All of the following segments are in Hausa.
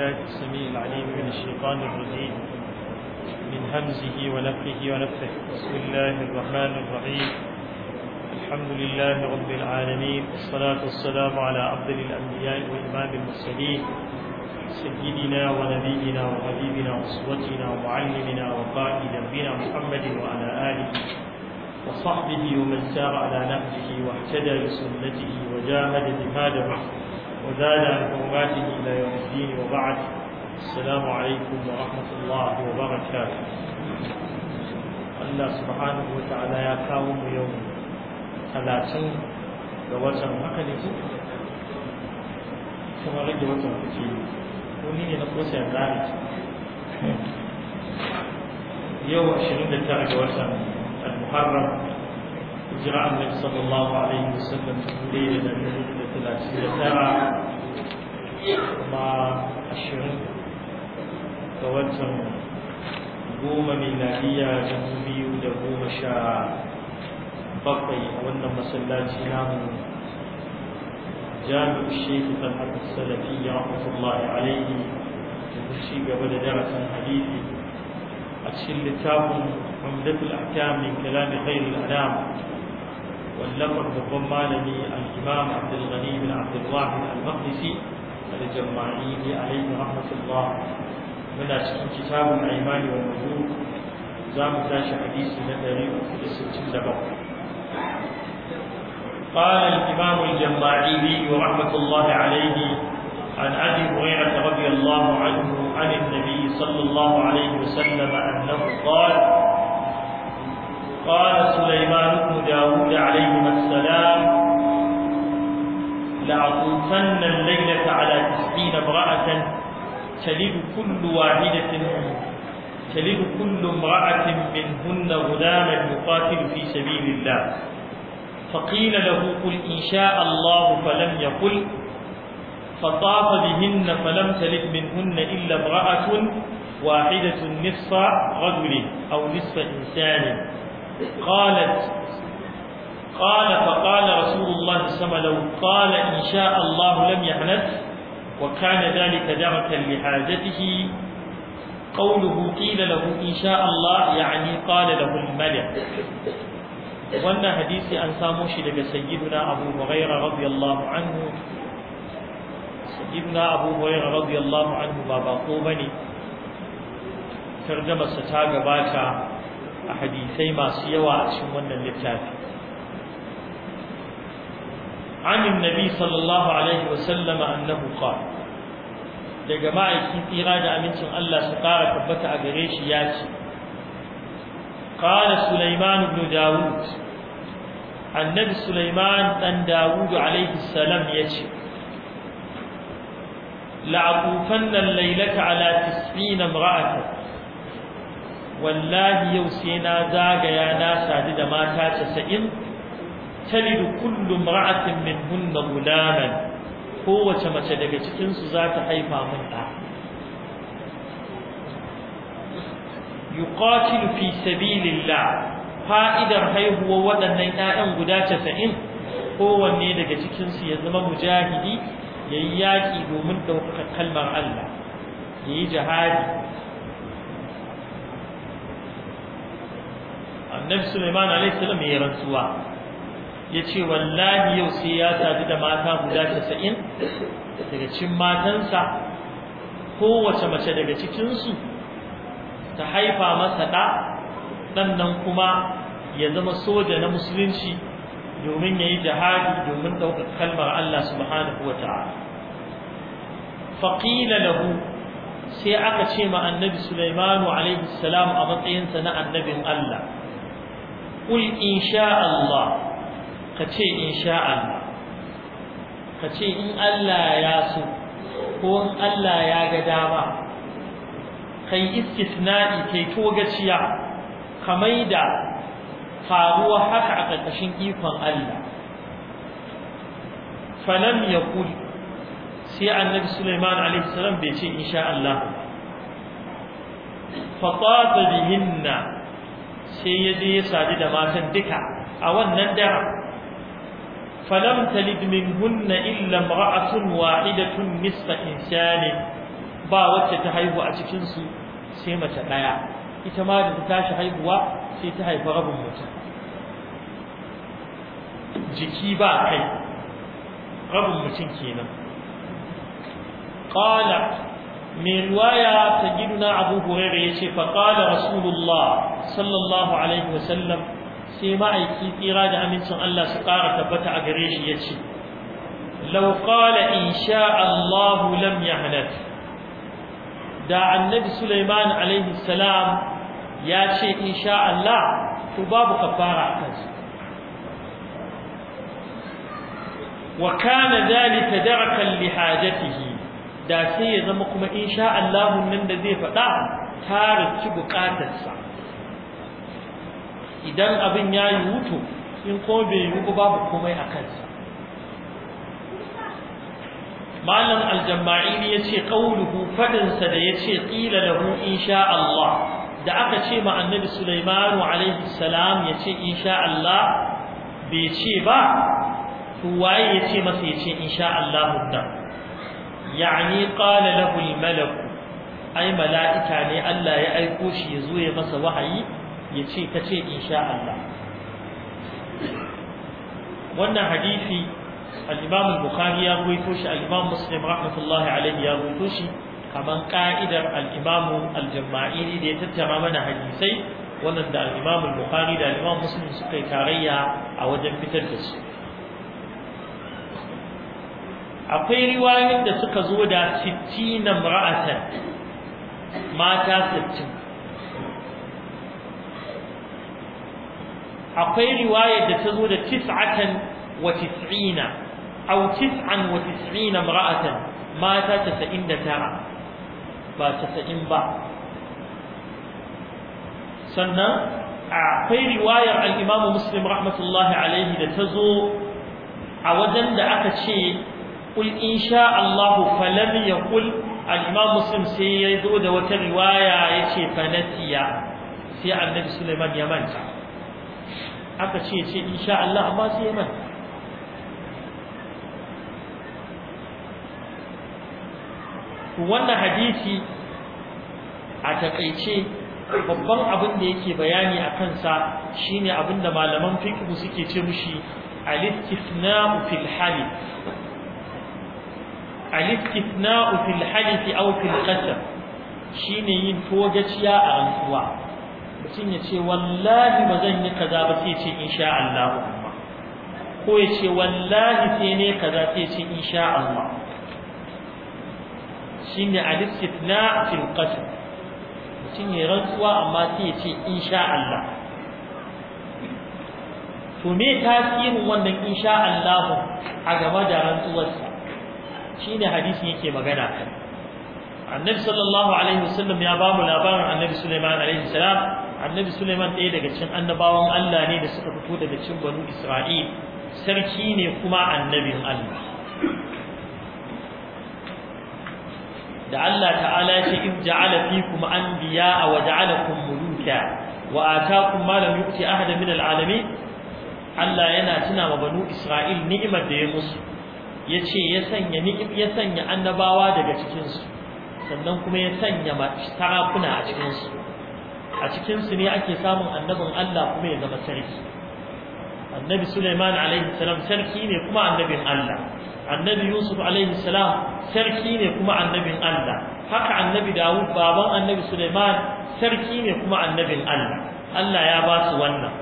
بالله السميع العليم من الشيطان الرجيم من همزه ونفه ونفه بسم الله الرحمن الرحيم الحمد لله رب العالمين الصلاة والسلام على أفضل الأنبياء وإمام المرسلين سيدنا ونبينا وحبيبنا وصوتنا ومعلمنا وقائد بنا محمد وعلى آله وصحبه ومن سار على نهجه واهتدى بسنته وجاهد جهاده وزاد أقواته إلى يوم الدين وبعد السلام عليكم ورحمة الله وبركاته Allah subhanahu wa ta’ala ya kawo mu yau talatin da watan haka ne kuma rage watan kuce ko ni ne na kusa ya zari yau 29 ga watan al-muharram 2023 jira annabi sallallahu alaihi wasallam dubu da dubu da talatin da tara kuma ashirin ga watan goma miladiya dubu biyu da goma sha bakwai a wannan masallaci namu جامع الشيخ طلحة السلفي رحمة الله عليه المشي قبل درس الحديث أتشل التاب عمدة الأحكام من كلام خير الأنام واللفظ بالضمة لي الإمام عبد الغني بن عبد الواحد المقدسي الجماعي عليه رحمة الله من كتاب الأيمان والوجود زام تاشي حديث نتري في ستين لبقى قال الإمام الجماعي ورحمة الله عليه عن أبي هريرة رضي الله عنه عن النبي صلى الله عليه وسلم أنه قال قال داود عليهما السلام لأطوفن الليلة على تسعين امرأة تلد كل واحدة تلد كل امرأة منهن غلاما يقاتل في سبيل الله فقيل له قل إن شاء الله فلم يقل فطاف بهن فلم تلد منهن إلا امرأة واحدة نصف رجل أو نصف إنسان قالت قال فقال رسول الله صلى الله عليه وسلم لو قال إن شاء الله لم يحنث وكان ذلك دركا لحاجته قوله قيل له إن شاء الله يعني قال له الملك wannan hadisi an samo shi daga sayyiduna abu hurairah radiyallahu anhu anhu ba bako bane tarjamar ta gabata a hadisai masu yawa a cikin wannan littafi عن النبي صلى الله عليه وسلم أنه قال daga ma'aikin tsira da amincin Allah su ƙara tabbata a gare shi ya ce قال سليمان بن داود النبي سليمان بن داود عليه السلام يشي لأطوفن الليلة على تسعين امرأة والله يوسينا زاغ يا ناس عدد ما تاتسئن talidu kullu imra'atin minhunna gulaman kowace mace daga cikinsu su za ta haifa min da yuqatilu fi fa'idar haihuwar waɗannan 'ya'yan guda 90 kowanne daga cikinsu ya zama mujahidi yayi yaƙi domin ɗaukaka kalmar Allah yayi jihadi annabi Sulaiman alaihi salam ya rantsuwa ya ce wallahi yau sai ya sadu da mata guda casa'in daga cin matansa kowace mace daga cikinsu ta haifa masa ɗa sannan kuma ya zama soja na musulunci domin ya yi jihadi domin ɗaukar kalmar Allah subhanahu wa ta'ala lahu sai aka ce ma annabi Sulaimanu alaihi salam a matsayinsa na annabin Allah قل إن شاء ka ce in Allah ka ce in Allah ya so ko in Allah ya ga dama kai istisna'i kai togaciya kamai da faruwa haka a ƙarƙashin ikon Allah falam yaqul sai annabi Sulaiman alaihi salam bai ce insha Allah fa bihinna sai ya je ya sadu da matan duka a wannan dara فلم تلد منهن إلا امرأة واحدة نصف إنسان با wacce ta haihu a cikin su sai mace daya ita ma da ta tashi haihuwa sai ta haifa rabin mutum jiki ba kai rabin mutum kenan qala ta riwaya sajiduna yace fa qala rasulullah sallallahu alaihi wasallam sai ma'aiki tsira da amincin Allah su ƙara tabbata a gare shi ya ce law qala insha Allah lam yahnat da annabi Sulaiman alaihi salam ya ce insha Allah to babu kafara a kansa wa kana dalika darakan li hajatihi da sai ya zama kuma sha Allah nan da zai faɗa ta ci bukatarsa idan abin ya yi wuto in ko bai yi ku babu komai a kansa malam ne ya ce ƙauluhu faɗinsa da ya ce ƙila hu, insha Allah da aka ce ma annabi Sulaimanu alaihi salam ya ce insha Allah bai ce ba to waye ya ce masa ya ce insha Allah nan yani qala lahu al-malak ai mala'ika ne Allah ya aiko shi ya zo ya masa wahayi ya ce ta ce insha Allah wannan hadisi al-Imam al-Bukhari ya ruwaito shi al-Imam Muslim rahmatullahi Alayhi ya ruwaito shi kaman ka'idar al-Imam al da ya tattara mana hadisai wannan da al-Imam al-Bukhari da al-Imam Muslim suka yi tarayya a wajen fitar da su akwai riwayoyin da suka zo da 60 na mata 60 akwai riwaya da ta zo da tis'atan wa tis'ina aw tis'an wa tis'ina imra'atan mata 99 ba 90 ba sannan akwai riwayar al-Imam Muslim rahmatullahi alayhi da ta zo a wajen da aka ce kul in sha Allah falam yaqul al-Imam Muslim sai ya zo da wata riwaya yace fanatiya sai Annabi Sulaiman ya manta aka ce ce insha Allah amma sai ya wannan hadisi a takaice babban abin da yake bayani a kansa shine abin da malaman fiqh suke ce mushi al fil halif al-istithna'u fil shine yin togaciya a rantsuwa mutum ya ce wallahi ba zan yi kaza ba sai ce insha Allah ko ya ce wallahi sai ne kaza sai ce insha Allah shine a istithna fil qasam mutum ya rantsuwa amma sai ya ce insha Allah to me tasirin wannan insha Allah a game da rantsuwarsa Shi ne hadisi yake magana kan annabi sallallahu alaihi wasallam ya bamu labarin annabi Sulaiman alaihi salam annabi Suleiman ɗaya daga cikin annabawan Allah ne da suka fito daga cikin banu Isra'il sarki ne kuma annabin Allah da Allah ta'ala ya ce in ja'ala fikum anbiya'a wa ja'alakum muluka wa ataakum ma lam yu'ti ahadan min al'alamin Allah yana tuna wa banu Isra'il ni'imar da ya musu yace ya sanya ya sanya annabawa daga cikin su sannan kuma ya sanya sarakuna a cikin su a cikinsu ne ake samun annabin Allah kuma ya zama sarki annabi Suleiman alaihi salam sarki ne kuma annabin Allah annabi Yusuf alaihi salam sarki ne kuma annabin Allah haka annabi Dawud baban annabi Suleiman, sarki ne kuma annabin Allah Allah ya ba su wannan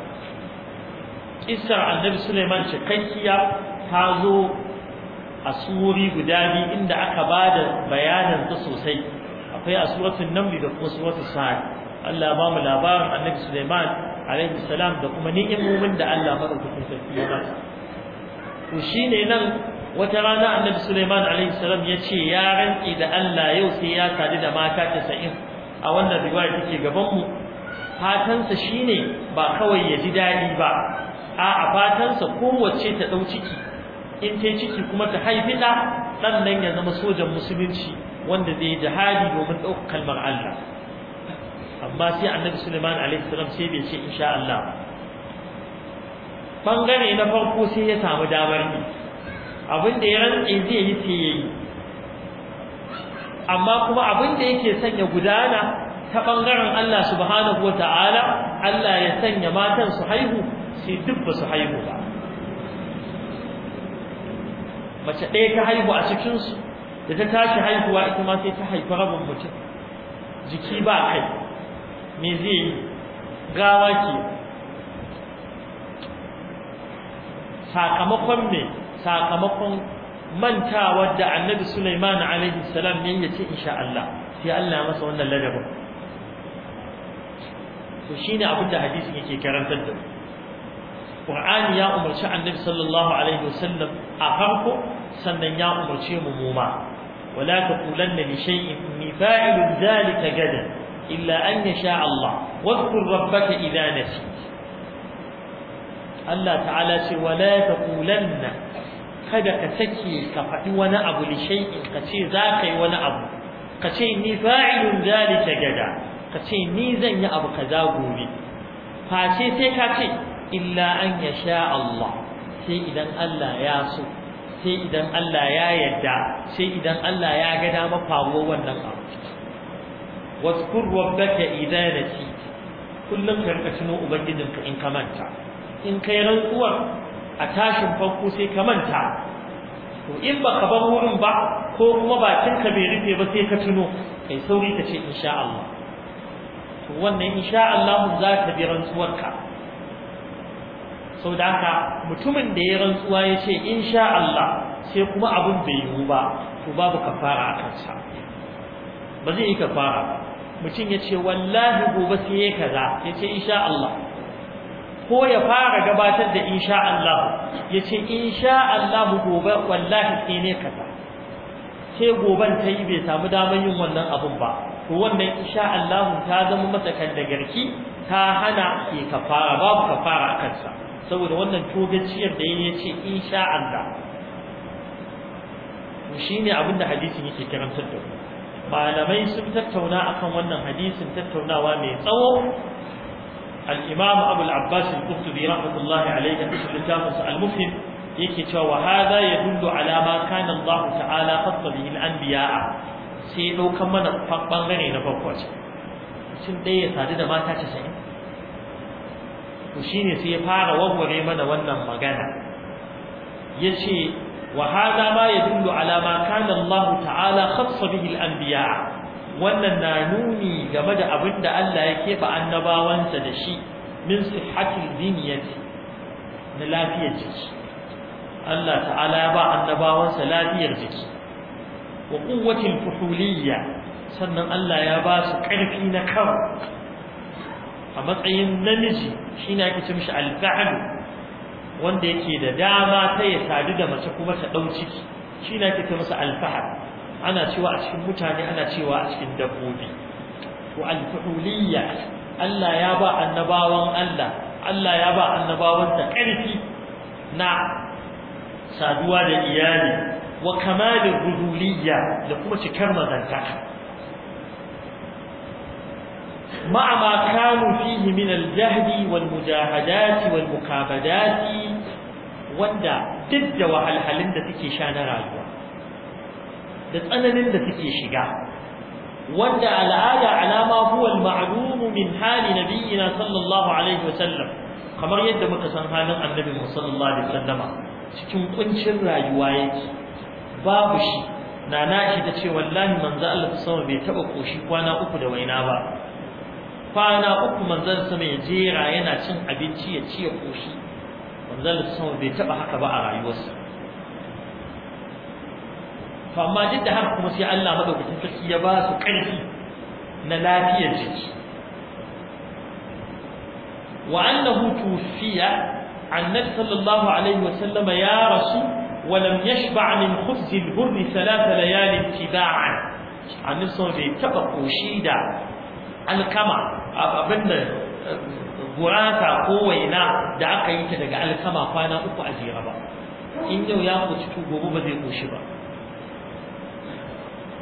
kissar annabi Sulaiman cikakkiya ta zo a surori guda biyu inda aka ba da bayanin ta sosai akwai a suratul naml da kuma suratul sa'd Allah ba mu labarin annabi Suleiman alaihi salam da kuma ni'imomin da Allah madaukakin sarki ya masa to shine nan wata rana annabi Suleiman alaihi salam ya ce ya rantsi da Allah yau sai ya sadu da mata 90 a wannan riwaya take gaban mu fatansa shine ba kawai ya ji dadi ba a'a fatansa kowacce ta dau ciki in ta ciki kuma ta haifi da ɗan nan ya zama sojan musulunci wanda zai jihadi domin ɗaukar kalmar Allah amma sai annabi Sulaiman alaihi salam sai bai ce insha Allah bangare na farko sai ya samu damar ni. abin da ya rantse zai yi sai yayi amma kuma abin da yake sanya gudana ta bangaren Allah subhanahu wataala Allah ya sanya matan su haihu sai duk ba su haihu ba mace ɗaya ta haihu a cikinsu da ta tashi haihuwa ita ma sai ta haifi rabin mutum jiki ba kai me zai yi gawa ke sakamakon me sakamakon mantawa da annabi Sulaiman alaihi salam ne ya ce insha Allah sai Allah masa wannan ladabin to shine abin da hadisi yake karantar da Qur'ani ya umarci Annabi sallallahu alaihi wasallam a farko sannan ya umarce mu mu ma wala taqulanna li shay'in ni fa'ilun dhalika gadan إلا أن يشاء الله واذكر ربك إذا نسيت Allah ta'ala ce wala taqulanna kada ka sake ka faɗi wani abu li shay'in ka ce za ka yi wani abu ka ce ni fa'ilun zalika gada ka ce ni zan yi abu ka kaza gobe face sai ka ce illa an yasha Allah sai idan Allah ya so sai idan Allah ya yadda. sai idan Allah ya gada dama faruwar wannan abu واذكر ربك إذا نسيت kullum ka rika tuno ubangijinka in ka manta in kai rantsuwar a tashin farko sai ka manta to in baka bar wurin ba ko kuma bakin ka bai rufe ba sai ka tuno kai sauri ka ce insha Allah to wannan insha Allah za ta bi rantsuwarka saboda haka mutumin da ya rantsuwa ya ce insha Allah sai kuma abun bai yiwu ba to babu fara a kansa ba zai yi kafara ba mutum ya ce wallahi gobe sai ya kaza ya ce insha Allah ko ya fara gabatar da insha Allah ya ce insha Allah gobe wallahi sai ne kaza sai goben ta yi bai samu damar yin wannan abun ba to wannan insha Allah ta zama masa kan da garki ta hana ke kafara babu kafara a kansa saboda wannan togaciyar da ya ce insha Allah ne abin da hadisin yake karantar da mu malamai sun tattauna akan wannan hadisin tattaunawa mai tsawo al-imam abu al-abbas al-qurtubi alayhi al-mufhim yake cewa wa hadha yadullu ala ma kana Allah ta'ala fatta bihi al-anbiya'a sai daukan mana bangare na farko ce sun dai ya sadu da mata 90 to shine sai ya fara wawware mana wannan magana yace وهذا ما يدل على ما كان الله تعالى خص به الأنبياء wannan na nuni game da abin da Allah ya keɓe annabawansa da shi min sihhatil diniyati na lafiyar jiki Allah ta'ala ya ba annabawansa lafiyar jiki wa quwwatil fuhuliyya sannan Allah ya ba su ƙarfi na kawo a matsayin namiji shine ake ce al-fa'lu wanda yake da dama ta ya sadu da mace kuma ta ɗau ciki shi na ke masa alfahar ana cewa a cikin mutane ana cewa a cikin dabbobi to alfahuliyya Allah ya ba annabawan Allah Allah ya ba ta ƙarfi na saduwa da iyali wa kamalin ruhuliyya da kuma cikar mazantaka مع ما كانوا فيه من الجهد والمجاهدات والمكابدات وندا تبدا وحلحلين da take sha na rayuwa da tsananin da take shiga wanda al'ada alama huwa al-ma'lum min hali nabiyina sallallahu alaihi wa sallam kamar yadda muka san halin annabi sallallahu alaihi wa sallama cikin kuncin rayuwa yake babu shi na nashi ta ce wallahi manzo Allah sama bai taba koshi kwana uku da waina ba kwana uku manzon sama ya jira yana cin abinci ya ci ya koshi manzon sama bai taba haka ba a rayuwarsa fa amma duk da haka kuma sai Allah madaukakin sarki ya ba su ƙarfi na lafiyar jiki wa annahu tufiya annabi sallallahu alaihi wa sallama ya rasu wa lam yashba min khubz al-hurr thalath layal tibaan annabi sallallahu bai taba koshi da alkama abin da eh, gurasa ko waina da aka yi ta daga alkama kwana uku a jera ba in yau ya kuci to gobe ba zai koshi ba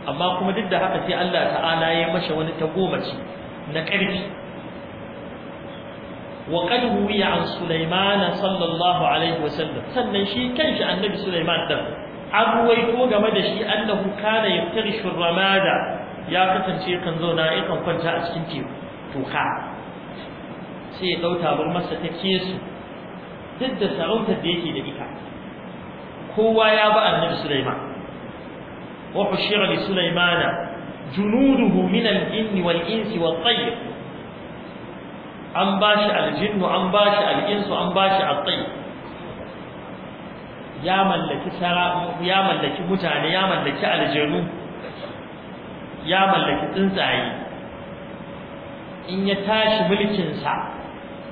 amma kuma duk da haka sai Allah ta'ala ya masa wani tagomaci na ƙarfi wa qad an Sulaiman sallallahu alaihi wasallam sannan shi kanshi annabi Sulaiman wai ko game da shi annahu kana yaftarishu ramada ya kasance kan zauna yakan kwanta a cikin teku toka sai ya ɗau tabarmarsa ta kesu duk da sarautar da yake da ita kowa ya ba annabi Sulaiman wa hushira li Sulaimana junuduhu min al-jinni wal-insi wat-tayr an bashi al-jinnu an bashi al-insu an bashi at-tayr ya mallaki sara ya mallaki mutane ya mallaki aljanu ya mallaki tsuntsaye in ya tashi mulkinsa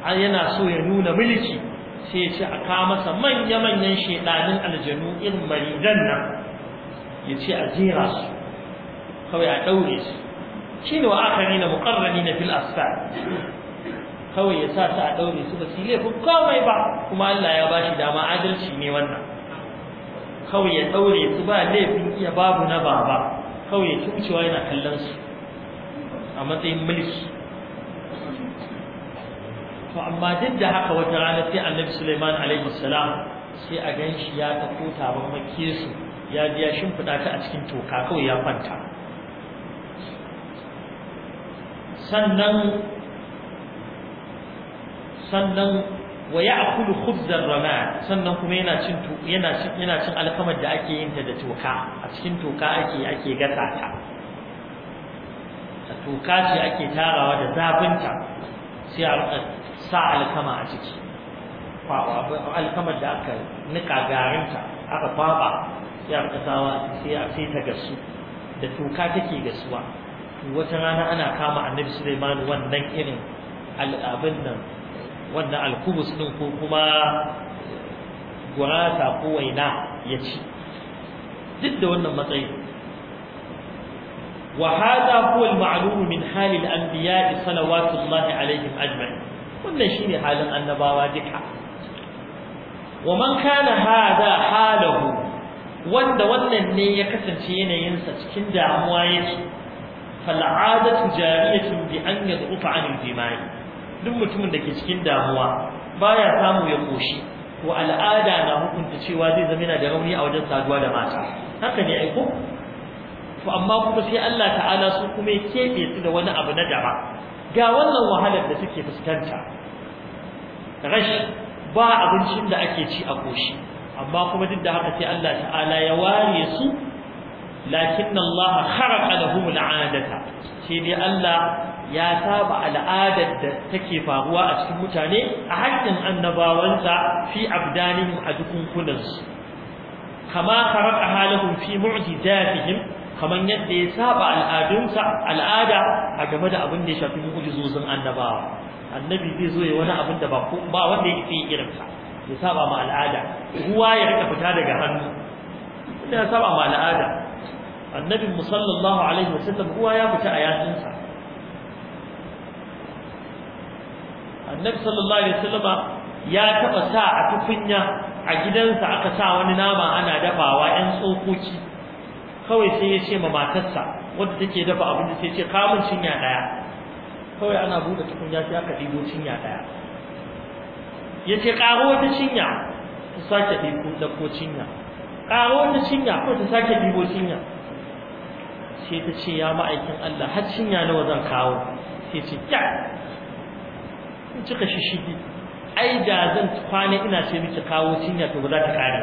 yana so ya nuna mulki sai ya ce a kawo masa manya-manyan shaidanin aljanu irin maridan nan ya ce a jera su kawai a ɗaure su shi ne wa aka nina muƙarrani na fil kawai ya sa su a ɗaure su ba su laifin komai ba kuma Allah ya ba shi dama adalci ne wannan kawai ya ɗaure su ba laifin iya babu na baba kawai ya ci wucewa yana kallon su a matsayin mulki to amma duk da haka wata rana sai annabi Suleiman alaihi salam sai a gan shi ya tafi taban makke su ya ji ya shimfiɗa ta a cikin toka kawai ya kwanta sannan sannan wa ya'kulu khubzar rama sannan kuma yana cin yana cin yana cin alkamar da ake yin ta da toka a cikin toka ake ake gasa ta toka ce ake tarawa da zabinta sai a sa alkama a ciki alkamar da aka nika garinta aka kwaba sai aka sai a sai ta gasu da toka take gasuwa wata rana ana kama annabi Sulaiman wannan irin al'abin nan wannan alkubus din ko kuma gurata ko waina ya ci duk da wannan matsayi wa hada huwa al-ma'lum min hal al-anbiya salawatullahi alaihim ajma'in wannan shine halin annabawa duka wa man kana hada halahu wanda wannan ne ya kasance yanayinsa cikin damuwa yake fal'adatu jariyatun bi an yad'ufa an al-jimai duk mutumin da ke cikin damuwa baya samu ya koshi ko al'ada na hukunta cewa zai zama yana da rauni a wajen saduwa da mata haka ne aiko to amma kuma sai Allah ta'ala su kuma ya kebe su da wani abu na daba ga wannan wahalar da suke fuskanta rashi ba abincin da ake ci a koshi amma kuma duk da haka sai Allah ta'ala ya ware su lakinna Allah kharaqa lahum al'adata sai dai Allah ya saba al'adar da take faruwa a cikin mutane a hakkin annabawansa fi abdanihim a dukunkunansu kama kharaqa halahum fi mu'jizatihim kamar yadda ya saba al'adunsa al'ada a game da abin da ya shafi mu'jizozin annabawa annabi zai zo ya wani abin da ba ba wanda ya yi irin sa ya saba ma al'ada ruwa ya rika fita daga hannu inda ya saba ma al'ada annabi musallallahu alaihi wasallam ruwa ya fita a yatsun sa annabi sallallahu alaihi wasallama ya taba sa a tukunya a gidansa aka sa wani nama ana dafawa yan tsokoki kawai sai ya ce ma matarsa wadda take dafa abinci sai ce kamun shinya daya kawai ana buɗe tukunya sai aka ɗigo cinya ɗaya ya ce ƙaro wata cinya ta sake ɗibo ko cinya ƙaro wata cinya ko ta sake ɗigo cinya sai ta ce ya ma'aikin Allah har cinya nawa zan kawo sai ce kya in cika shishigi ai da zan kwana ina ce miki kawo cinya to ba za ta kare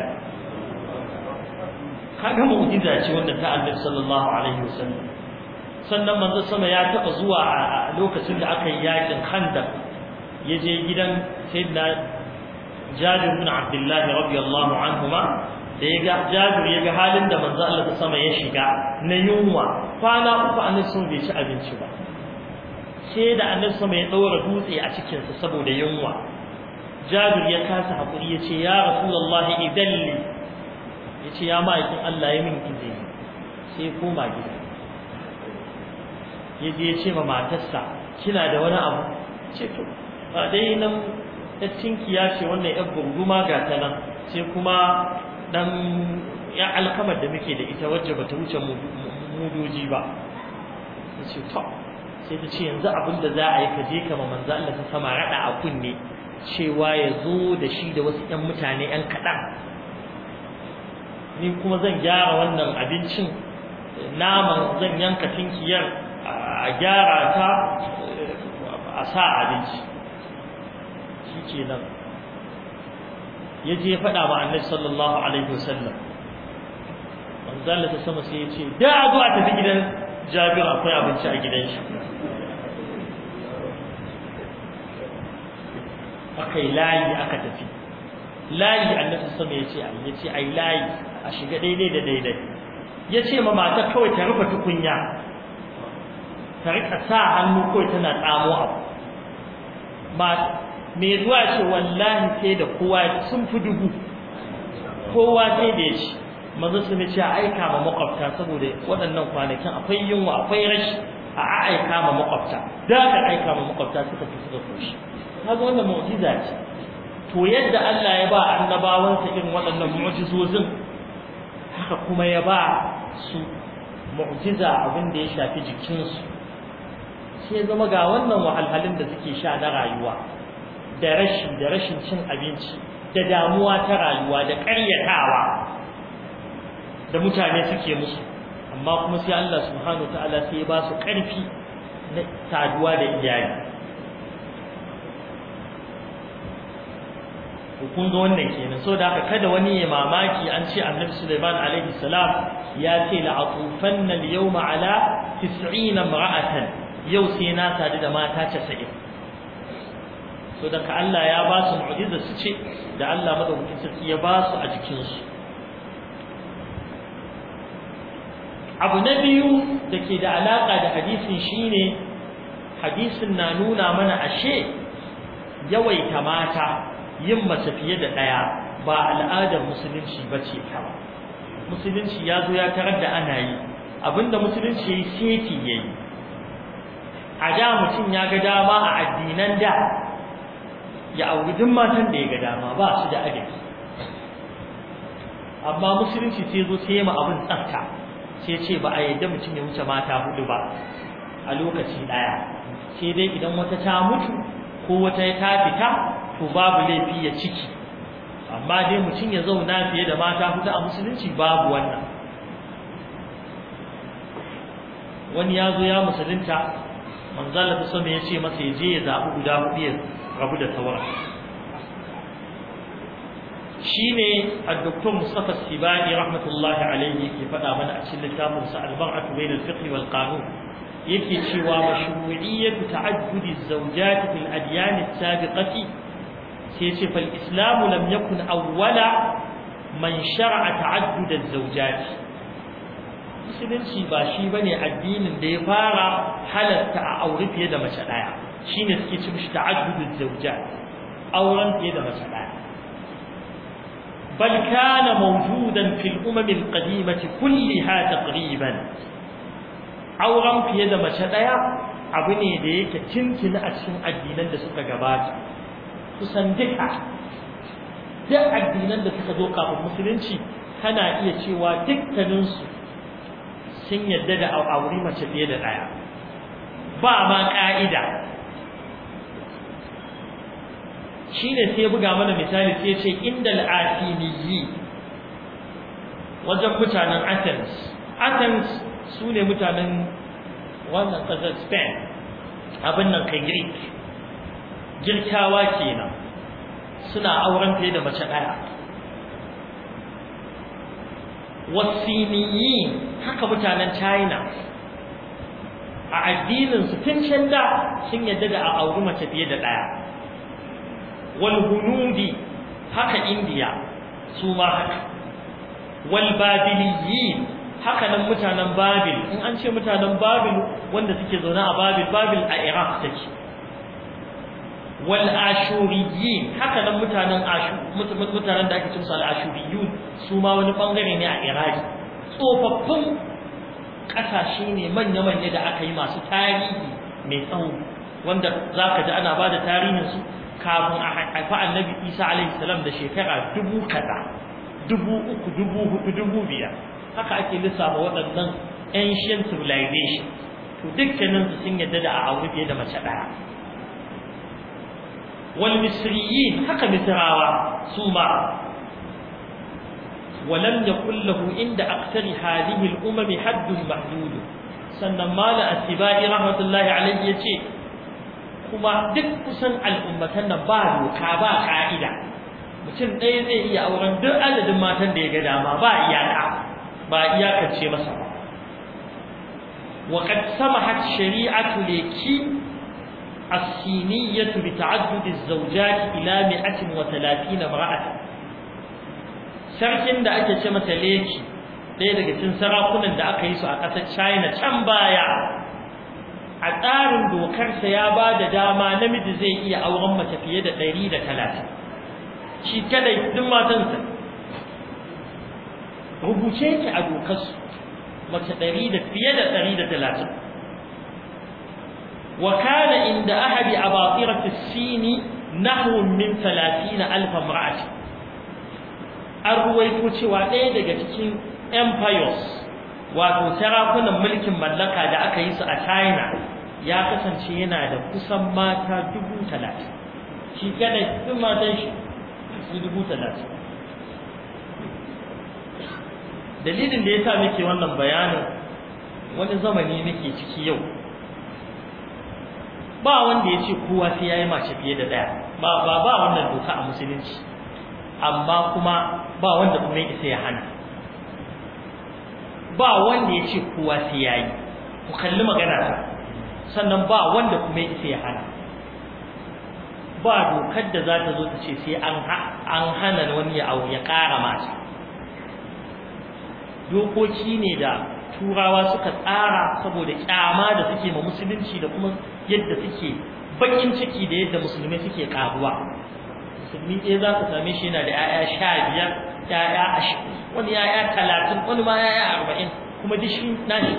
kaga mu'jiza ce wanda ta Annabi sallallahu alaihi wasallam sannan manzo sama ya taba zuwa a lokacin da aka yi yakin khandaq yaje gidan sayyidina Jabir bin Abdullah radiyallahu anhuma sai yaga Jabir ga halin da manzo Allah sama ya shiga na yunwa kwana uku annabi sun bai ci abinci ba sai da annabi sama ya daura dutse a cikin sa saboda yunwa Jabir ya kasa hakuri ya ce ya Rasulullah idalli ce ya ma'aikin Allah ya min izini sai koma gida ya je ya ce ma matarsa kina da wani abu ce to ba dai nan ta ya ce wannan yan gunguma ga ta nan sai kuma dan ya alkamar da muke da ita wacce bata wuce mudoji ba A ce to sai ta ce yanzu abin da za a yi ka je ka ma manzo Allah ta sama rada a kunne cewa ya zo da shi da wasu yan mutane yan kaɗan ni kuma zan gyara wannan abincin naman zan yanka tinkiyar a gyara ta a sa abinci shi ke nan ya je faɗa ba annabi sallallahu alaihi wasallam manzala ta sama sai ya ce da a zuwa tafi gidan jabir akwai abinci a gidan shi aka yi layi aka tafi layi annabi sama ya ce ya ce ai layi a shiga daidai da daidai ya ce ma matar kawai ta rufe tukunya ta rika sa hannu ko tana tsamo abu ba me zuwa ce wallahi sai da kowa sun fi dubu kowa sai da ya ci maza su ne ce a aika ma makwabta saboda waɗannan kwanakin akwai yunwa akwai rashi a aika ma makwabta da aka aika ma makwabta suka fi suka koshi kaga wanda mu'jiza ce to yadda Allah ya ba annabawansa irin waɗannan mu'jizozin haka kuma ya ba su mu'jiza abin da ya shafi jikinsu sai ya zama ga wannan wahalhalun da suke sha na rayuwa da rashin da rashin cin abinci da damuwa ta rayuwa da ƙaryatawa da mutane suke musu amma kuma sai Allah subhanahu wataala sai ya ba su ƙarfi na saduwa da iyali kun ga wannan kenan so da haka kada wani ya mamaki an ce annabi Sulaiman alaihi salam ya ce la atufanna al-yawma ala 90 imra'atan yau sai na sadu da mata casa'in so da ka Allah ya ba su mu'jiza su ce da Allah madaukakin sarki ya ba su a jikinsu abu na biyu da ke da alaƙa da hadisin shine hadisin na nuna mana ashe yawaita mata yin mace fiye da ɗaya ba al'adar musulunci ba ce musulunci ya zo ya tarar da ana yi abinda musulunci ya yi seti ya yi a da mutum ya ga dama a addinan da ya auri duk matan da ya ga dama ba su da adabi amma musulunci sai zo sai ma abin tsafta sai ce ba a yadda mutum ya wuce mata hudu ba a lokaci daya sai dai idan wata ta mutu ko wata ta fita to babu laifi ya ciki amma dai mutum ya zauna fiye da mata hudu a musulunci babu wannan wani ya zo ya musulunta manzala ta sama ya ce masa ya je ya zaɓi guda hudu rabu da sauran shi ne a doktor mustapha sibani rahmatullahi alaihi ke faɗa mana a cikin littafin sa albar'atu bain al wal qanun yake cewa mashru'iyyatu ta'addudi zawjati fil adyan as-sabiqati sai ce fal islamu lam yakun awwala man shar'a ta'addud az-zawjati musulunci ba shi bane addinin da ya fara halatta a aure fiye da mace Shi ne suke ci mishi ta'adduduz zawjat auren fiye da mace daya بل كان موجودا في الأمم القديمة كلها تقريبا auren fiye da mace ɗaya abu ne da yake cincin a cikin addinan da suka gabata kusan duka duk addinan da suka zo kafin musulunci kana iya cewa dukkaninsu sun yadda da auri mace fiye da ɗaya ba ma ka'ida. shi ne sai buga mana misali sai ce inda al'afiniyi wajen mutanen athens athens su ne mutanen wannan ƙasar spain abin nan kai greek girkawa kenan suna auren fiye da mace ɗaya wasiniyin haka mutanen china a addinin su tun can da sun yadda da a auri mace fiye da ɗaya wal hunudi haka indiya su ma haka wal babiliyin haka nan mutanen babil in an ce mutanen babil wanda suke zaune a babil babil a iraq take wal ashuriyin haka nan mutanen ashur mutanen da ake cin su al ashuriyun su ma wani bangare ne a iraq tsofaffin ƙasashe ne manya-manya da aka yi masu tarihi mai tsawo wanda za ka ji ana ba da tarihinsu kafin a haifa annabi isa alaihi da shekara dubu kaza dubu uku dubu hudu dubu biyar haka ake lissafa waɗannan ancient civilization to dukkanin su sun yadda da a auri fiye da mace ɗaya wal misriyin haka misrawa su ma ولم يقل له عند أكثر هذه الأمم حد محدود sannan mala asibai rahmatullahi alayhi yace kuma duk kusan al'ummatan nan ba doka ba ka'ida mutum ɗaya zai iya auren duk adadin matan da ya ga dama ba iyaka ba iyakance masa ba wa qad samahat shari'atu laki as-siniyatu bi ta'addud az-zawjat ila 130 imra'atan sarkin da ake ce masa leki ɗaya daga cikin sarakunan da aka yi su a ƙasar china can baya a tsarin dokarsa ya ba da dama namiji zai iya auren mace fiye da ɗari da talatin shi kadai duk matansa rubuce ki a dokarsu mace ɗari da fiye da ɗari da talatin وكان عند أحد أباطرة السين نحو من ثلاثين ألف امرأة an ruwaito cewa ɗaya daga cikin empires wato sarakunan mulkin mallaka da aka yi su a china ya kasance yana da kusan mata dubu talatin shi kadai sun matan shi su dubu talatin dalilin da ya sa muke wannan bayanin wani zamani nake ciki yau ba wanda ya ce kowa sai ya yi mace fiye da ɗaya ba ba wannan doka a musulunci amma kuma ba wanda kuma ya isa ya hana ba wanda ya ce kowa sai ya yi ku kalli magana ta sannan ba wanda kuma ya isa ya hana ba dokar da za ta zo ta ce sai an hana wani ya ya ƙara mata dokoki ne da turawa suka tsara saboda kyama da suke ma musulunci da kuma yadda suke bakin ciki da yadda musulmai suke ƙaruwa. musulmi ɗaya za ku same shi yana da 'ya'ya sha biyar 'ya'ya ashirin wani 'ya'ya talatin wani ma 'ya'ya arba'in kuma duk shi nashi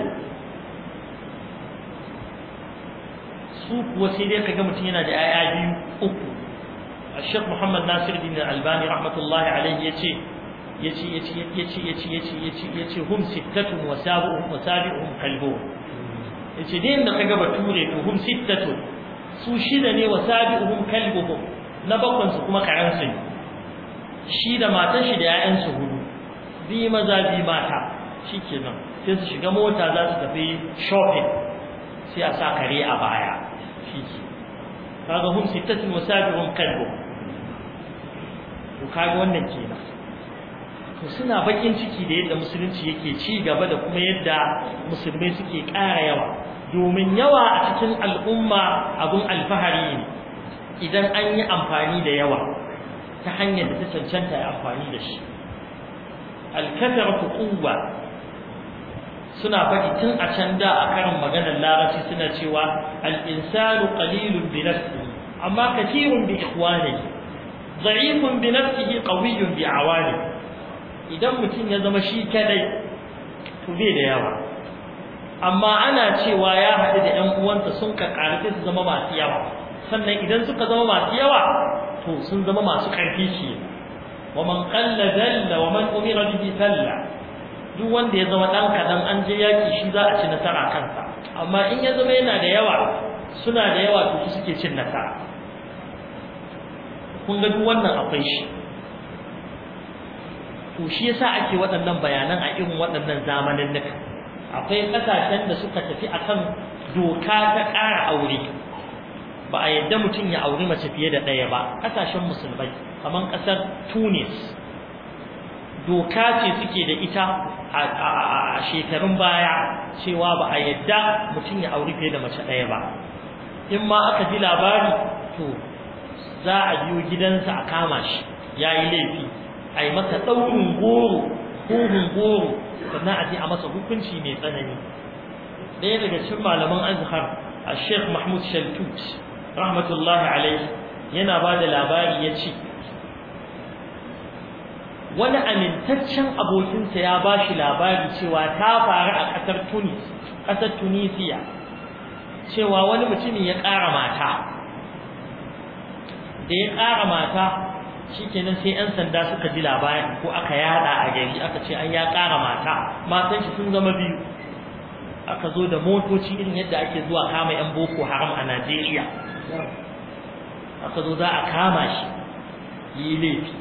su kuwa sai dai kaga mutum yana da 'ya'ya biyu uku الشيخ محمد ناصر بن الألباني رحمة الله عليه يتي يتي يتي يتي يتي يتي يتي هم ستة وسابعهم وسابعهم قلبهم يتي دين دقيقة بطوري هم ستة su shida ne na bakwan su kuma su ne shi da matan shi da 'ya'yansu hudu bi maza bi mata shikenan sai su shiga mota za su tafi shopping sai a sa kare a baya shike kaga hum sittatul musafirun kalbu to kaga wannan kenan to suna bakin ciki da yadda musulunci yake ci gaba da kuma yadda musulmai suke ƙara yawa domin yawa a cikin al'umma abun alfahari ne idan an yi amfani da yawa ta hanyar da ta cancanta ya amfani da shi alkatar kuwa suna faɗi tun a can da a karin maganar larabci suna cewa al'insanu qalilun bi nafsihi amma kathirun bi ikhwanihi da'ifun bi nafsihi qawiyyun bi awani idan mutum ya zama shi kadai to bai da yawa amma ana cewa ya haɗu da 'yan uwansa sun kakkarfi su zama masu yawa sannan idan suka zama masu yawa to sun zama masu ƙarfi ce wa man qalla dalla wa man umira bi talla duk wanda ya zama dan kadan an je yaki shi za a ci nasara kansa amma in ya zama yana da yawa suna da yawa to suke cin nasara kun ga duk wannan akwai shi to shi yasa ake waɗannan bayanan a irin waɗannan zamanin akwai ƙasashen da suka tafi akan doka ta ƙara aure ba a yadda mutum ya auri mace fiye da ɗaya ba ƙasashen musulmai kamar ƙasar tunis doka ce suke da ita a shekarun baya cewa ba a yadda mutum ya auri fiye da mace ɗaya ba in ma aka ji labari to za a biyo gidansa a kama shi ya yi laifi a yi masa ɗaurin goro huhun goro sannan a je a masa hukunci mai tsanani ɗaya daga cikin malaman azhar a sheikh mahmud shaltut rahmatullahi alaihi yana ba da labari ya ce wani amintaccen abokinsa ya ba shi labari cewa ta faru a ƙasar tunis kasar tunisiya cewa wani mutumin ya ƙara mata da ya ƙara mata shi kenan sai 'yan sanda suka ji labari ko aka yada a gari aka ce an ya ƙara mata matan shi sun zama biyu aka zo da motoci irin yadda ake zuwa kama 'yan boko haram a najeriya aka za a kama shi yi laifi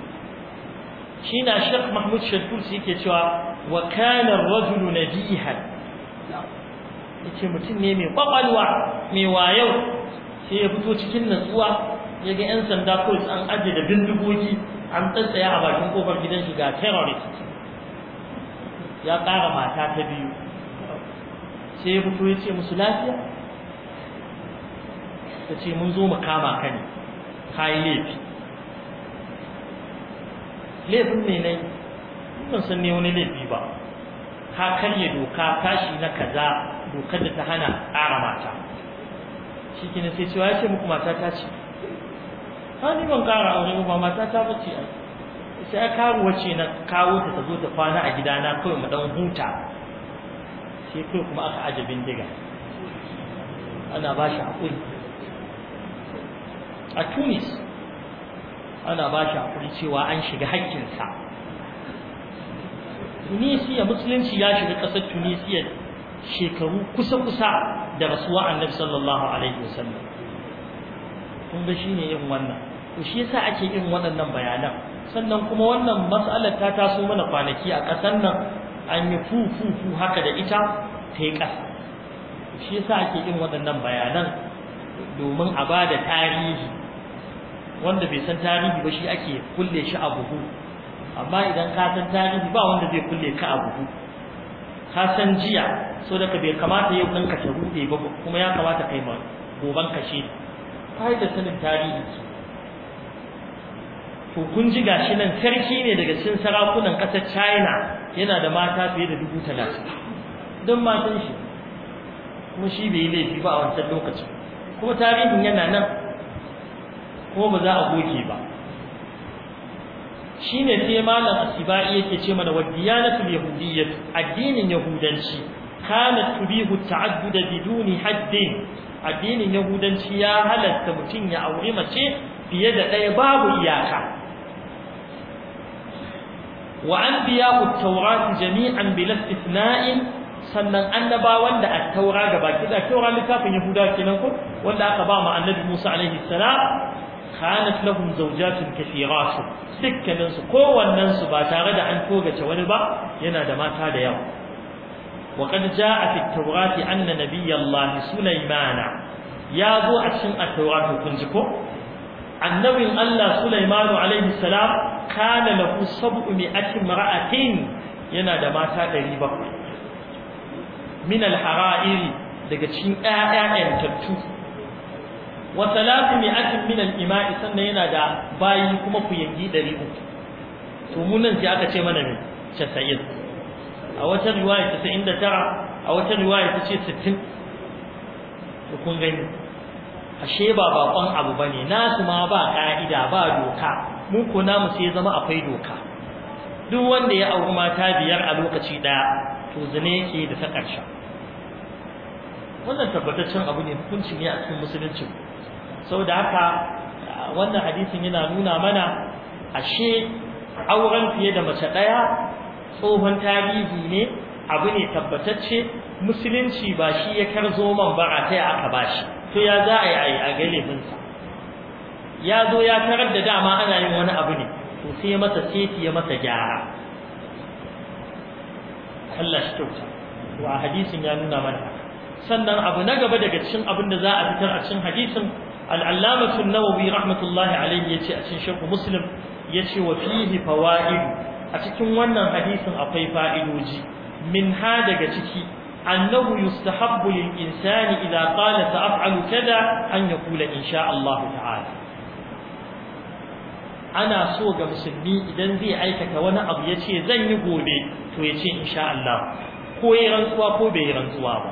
shi na shek mahmud shantus yake cewa wa kanar rajulu Ya yake mutum ne mai kwakwalwa mai wayau sai ya fito cikin natsuwa ya ga 'yan sanda ko an ajiye da bindigogi an tsantsaya a bakin kofar gidan shiga terrorist ya ƙara mata ta biyu sai ya fito ya ce musu lafiya ta ce mun zo mu kama ka ne ka yi laifi laifin ne nai ban san ne wani laifi ba ka karya doka tashi na kaza dokar da ta hana ƙara mata shi ke sai cewa ya ce muku mata ta ce ha ni ban ƙara aure ba mata ta ba ce sai karuwa ce na kawo ta ta zo ta kwana a gidana kawai mu dan huta sai kai kuma aka ajabin diga ana ba shi haƙuri a tunis ana ba shi hakuri cewa an shiga haƙƙinsa tunisiya musulunci ya shiga ƙasar tunisiya shekaru kusa-kusa da rasuwa annabi sallallahu alaihi wasallam kun ga shine yin wannan to shi yasa ake yin waɗannan bayanan sannan kuma wannan mas'alar ta taso mana kwanaki a ƙasar nan an yi fufufu haka da ita ta yi ƙasa shi yasa ake yin waɗannan bayanan domin a ba da tarihi wanda bai san tarihi ba shi ake kulle shi a buhu amma idan ka san tarihi ba wanda zai kulle ka a buhu ka san jiya so daga bai kamata yau ɗanka ta rufe ba kuma ya kamata kai ma goban ka ce kai da sanin tarihi su to kun ji gashi nan sarki ne daga cikin sarakunan ƙasar China yana da mata fiye da dubu talatin don matan shi kuma shi bai yi laifi ba a wancan lokacin kuma tarihin yana nan ko ba za a goge ba shine sai malam asibai yake ce mana wadiyanatul yahudiyyah addinin yahudanci kanat tubihu ta'addud biduni haddin addinin yahudanci ya halatta mutum ya aure mace fiye da ɗaya babu iyaka wa anbiya'ut tawrat jami'an bila istithna'in sannan annabawan da at-taura gaba kida taura littafin yahuda kenan ko wanda aka ba annabi Musa alaihi salam kanat lahum zawjatun kathirat dukkanin su kowannen su ba tare da an kogace wani ba yana da mata da yawa wa qad jaa fi tawrati anna nabiyallahi sulaymana ya zo a cikin at-tawrat kun ji ko annabin Allah sulaiman Alayhi salam kana lahu sab'u mi'atin mar'atin yana da mata 700 min al-hara'iri daga cikin ƴaƴan tattu wa salatu mi'atin min al-ima'i sannan yana da bayi kuma ku yangi 300 to mun nan sai aka ce mana ne 90 a wata riwaya ta 99 a wata riwaya ta ce 60 to kun gani ashe ba bakon abu bane nasu ma ba ka'ida ba doka mu ko namu sai zama akwai doka duk wanda ya auri mata biyar a lokaci daya to zane yake da ta ƙarshe wannan tabbataccen abu ne hukunci ne a cikin musulunci saboda haka wannan hadisin yana nuna mana ashe auren fiye da mace ɗaya tsohon tarihi ne abu ne tabbatacce musulunci ba shi ya karzo man ba, ta ya aka bashi to ya za a yi a galibinsa ya zo ya tarar da dama ana yin wani abu ne to sai masa seti ya masa gyara Allah shi kyauta a hadisin ya nuna mana sannan abu na gaba daga cikin abin da za a fitar a cikin hadisin al’allama sun nawobi rahmatullahi alaihi ya ce a cin shirku musulun ya ce wa fihi fawa’idu a cikin wannan hadisun akwai fa’idoji min ha daga ciki annahu yustahabbu lil insani idza qala sa'alu kada an yaqula insha Allahu ta'ala ana so ga musulmi idan zai aikata wani abu yace zan yi gobe to yace insha Allah ko yi rantsuwa ko bai yi rantsuwa ba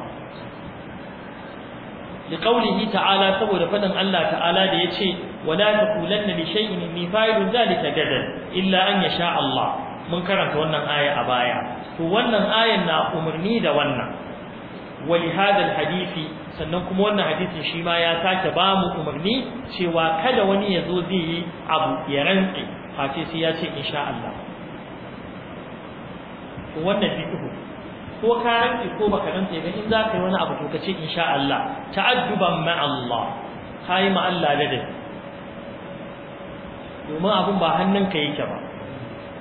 liqaulihi ta'ala saboda fadin Allah ta'ala da yace wala taqulanna li shay'in inni fa'ilun zalika gadan illa an yasha Allah mun karanta wannan aya a baya to wannan ayan na umarni da wannan ولهذا hadisi sannan kuma wannan hadisin shi ma ya sake ba mu umarni cewa kada wani ya zo zai yi abu ya rantsi face sai ya ce insha Allah wannan fiqh ko ka rantsi ko baka rantsi ba in za ka yi wani abu to ka ce insha Allah ta'adduban ma Allah kai ma Allah da dai domin abun ba hannun ka yake ba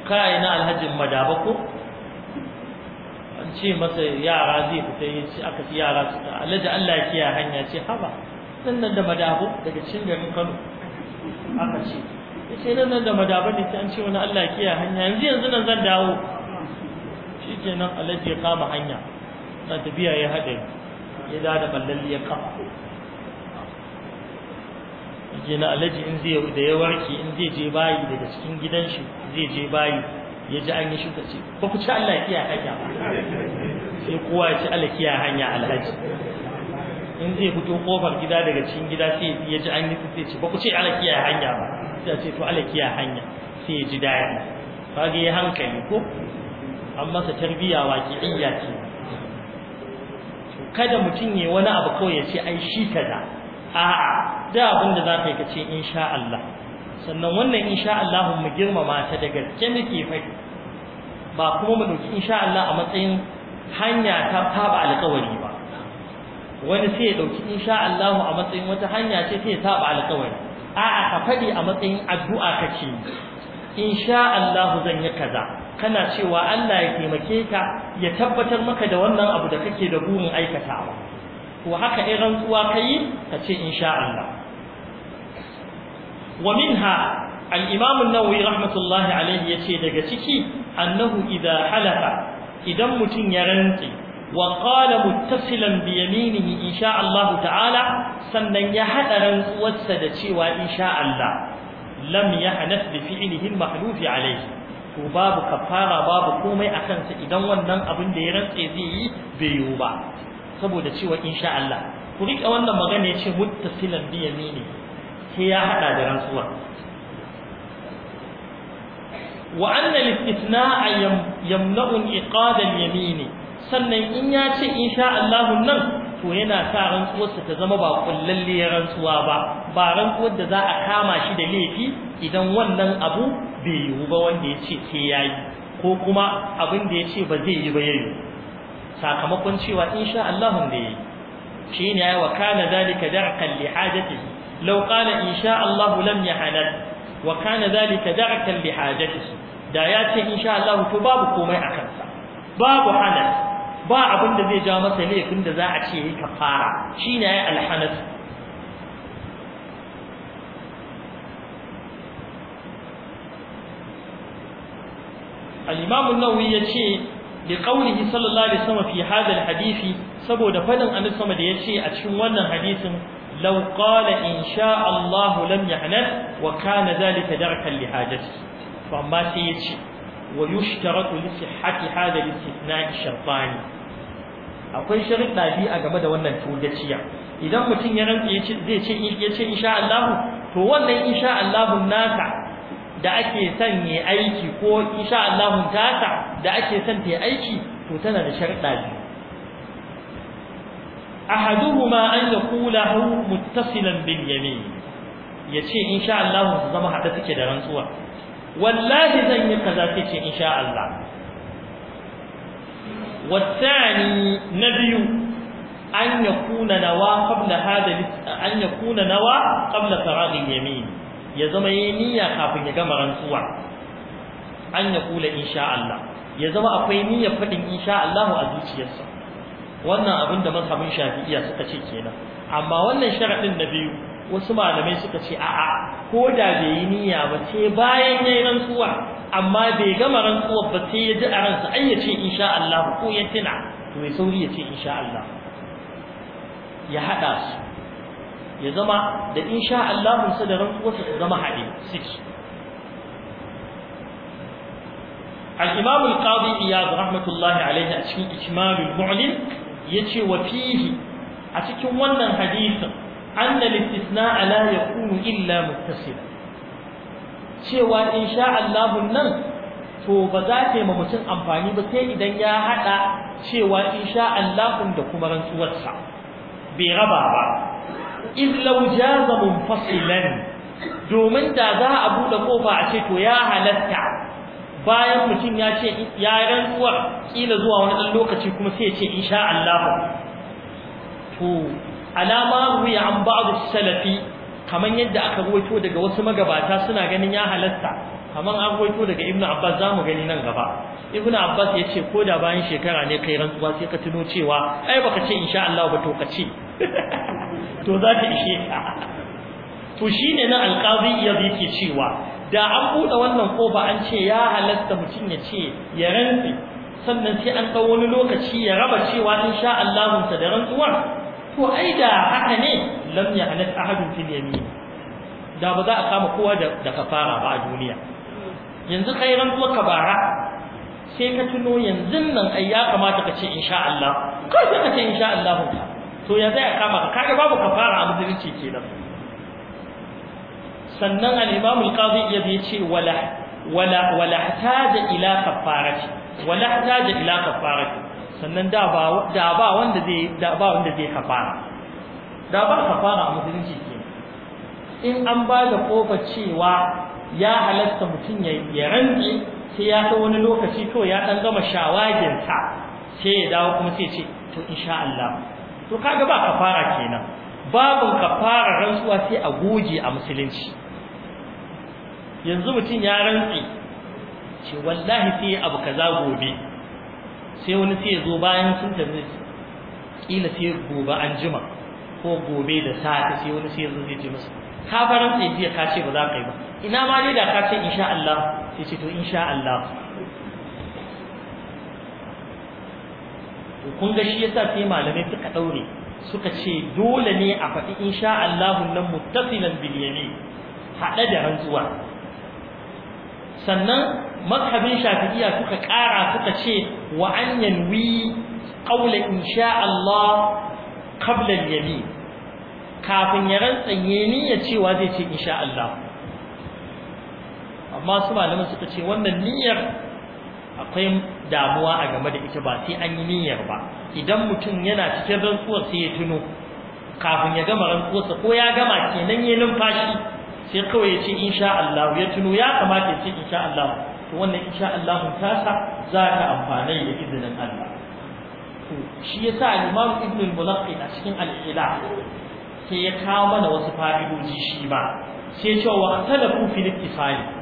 kai na alhajin madaba ko an ce masa yara zai fita ya ce aka fi yara su ta alhaji Allah ya kiyaye hanya ce haba nan da madabo daga cikin garin Kano aka ce sai nan da madaba ne sai an ce wani Allah ya kiyaye hanya yanzu yanzu nan zan dawo shi nan alaji ya kama hanya na tafiya ya haɗe ya da da ballalli ya kafa shi na alaji in zai da ya warke in zai je bayi daga cikin gidan shi zai je bayi ya ji an yi shuka ce ba ku ci Allah ya kiya hanya sai kowa ya ci Allah kiya hanya alhaji in zai fito kofar gida daga cikin gida sai ya ji an yi sai ce ba ku ci Allah kiya hanya ba sai ce to Allah kiya hanya sai ya ji daɗi kage hankali ko an masa tarbiyya waƙi'iyya ce kada mutum ya wani abu kawai ya ce ai shi kaza a'a da abin da za yi ka ce insha Allah sannan wannan insha Allah mu girmama ta da gaske muke faɗi ba kuma mu ɗauki insha Allah a matsayin hanya ta saba alƙawari ba wani sai ya ɗauki insha Allah a matsayin wata hanya ce sai ya saba alƙawari a'a ka faɗi a matsayin addu'a kace insha Allah zan yi kaza kana cewa Allah ya taimake ka ya tabbatar maka da wannan abu da kake da burin aikatawa ko haka in rantsuwa kai ka ce insha Allah wa minha al-imam an-nawawi rahmatullahi alayhi yace daga ciki annahu idha halafa idan mutun ya rantsi wa qala muttasilan bi yaminihi insha Allah ta'ala sannan ya hada rantsuwarsa da cewa insha Allah lam yahnaf bi fi'lihi al-mahluf alayhi to babu kafara babu komai a kansa idan wannan abin da ya rantse zai yi bai yiwu ba saboda cewa insha Allah ku rike wannan magana ya ce muttasilan bi yamini sai ya hada da rantsuwa wa anna al-istithna'a yamna'u iqada al-yamini sannan in ya ce insha Allah nan to yana sa rantsuwar ta zama ba kullalle rantsuwa ba ba rantsuwar da za a kama shi da laifi idan wannan abu bai yiwu ba wanda ya ce ya yi ko kuma abin da ya ce ba zai yi ba ya yi sakamakon cewa insha Allah da ya yi shi ne ya wa kana zalika darkan li hajatihi insha Allah lam yahalal wa kana zalika darkan kalli hajatihi da ya ce insha Allah to babu komai a kansa babu hanas ba abin da zai ja masa laifin da za a ce yi kafara shi ne ya alhanas al-imam an-nawawi yace li qawlihi sallallahu alaihi wasallam fi hadha al-hadisi saboda fadin annabi sama da ce a cikin wannan hadisin law insha'allahu in sha Allah lam yahnat wa kana dhalika darkan li hajati to amma sai yace wa yushtaratu li sihhati hadha al-istithna' shartani akwai sharuɗa biyu a game da wannan tugaciya idan mutum ya rantsa yace zai ce yace insha Allah to wannan insha Allah nasa da ake son yi aiki ko insha Allah tata da ake son ta yi aiki to tana da sharɗa biyu ahaduhuma an yaqula hu muttasilan bil yamin yace insha Allah su zama hada take da rantsuwa wallahi zan yi kaza sai ce insha Allah والثاني نبي أن يكون نوى قبل هذا أن يكون نوى قبل فراغ اليمين ya zama yayin niyya kafin ya gama rantsuwa an ya kula insha Allah ya zama akwai niyyar fadin insha Allah a zuciyarsa wannan abin da mazhabin Shafi'iyya suka ce kenan amma wannan sharadin na biyu wasu malamai suka ce a'a ko da bai yi niyya ba sai bayan yayin rantsuwa amma bai gama rantsuwa ba sai ya ji a ransa An ya ce insha Allah ko ya tuna to mai sauri ya ce insha Allah ya haɗa su ya zama da insha Allah su da rantsuwarsa su zama haɗe suke al-imam al-qadi iyad rahmatullahi alayhi a cikin ikmal al-mu'lim yace wa fihi a cikin wannan hadisin anna al-istisna'a la yakunu illa muttasila cewa insha Allah nan to ba za ta yi mutum amfani ba sai idan ya haɗa cewa insha Allah da kuma rantsuwarsa bai raba ba iz law jaza munfasilan domin da za a bude kofa a ce to ya halatta bayan mutum ya ce ya rantsuwa kila zuwa wani dan lokaci kuma sai ya ce insha Allah to alama ruya an ba'd salafi kaman yadda aka ruwaito daga wasu magabata suna ganin ya halatta kaman an ruwaito daga Ibnu Abbas zamu gani nan gaba Ibnu Abbas ya ce ko da bayan shekara ne kai rantsuwa sai ka tuno cewa ai baka ce insha Allah ba to ka ce to za ta ishe ka to shi ne na alqazi iya yake cewa da an buɗe wannan kofa an ce ya halatta mutum ya ce ya rantsi sannan sai an ɗau wani lokaci ya raba cewa in sha Allahun da rantsuwar to ai da haka ne lam ya halat ahadun fil yamin da ba za a kama kowa da kafara ba a duniya yanzu kai rantsuwar ka bara sai ka tuno yanzu nan ai ya kamata ka ce insha Allah kai sai ka ce sha Allah to ya zai ka kaga babu kafara a musulunci kenan sannan al-imam al-qadi ya ce wala wala wala hataja ila kafarati wala hataja ila kafarati sannan da ba da ba wanda zai da ba wanda zai kafara da ba kafara a musulunci kenan in an ba da kofa cewa ya halatta mutum ya rantsi sai ya ta wani lokaci to ya dan gama shawaginsa sai ya dawo kuma sai ce to insha Allah to kaga ba kafara kenan babin kafara rantsuwa sai a goje a musulunci yanzu mutum ya rantsi ce wallahi sai abu kaza gobe sai wani sai zo bayan sun tafi kila sai gobe an jima ko gobe da safe sai wani sai zo zai ji masa ka faranta ya ka ce ba za ka yi ba ina ma dai da ka ce insha Allah sai ce to insha Allah kun ga shi yasa sai malamai suka daure suka ce dole ne a faɗi insha Allah nan muttasilan bil yamin hada da rantsuwa sannan mazhabin shafi'iyya suka ƙara suka ce wa an yanwi qawla insha Allah qabla al yamin kafin ya rantsanye niyya cewa zai ce insha Allah amma su malamin suka ce wannan niyyar akwai damuwa a game da ita ba sai an yi niyyar ba idan mutum yana cikin rantsuwar sai ya tuno kafin ya gama rantsuwarsa ko ya gama kenan ya numfashi sai kawai ya ce insha Allah ya tuno ya kamata ya ce insha Allah to wannan insha Allah tasa za ka amfana da izinin Allah to shi yasa Imam Ibn al-Mulaqqi a cikin al-Ila sai ya kawo mana wasu fa'idoji shi ba sai cewa talafu fil ittifali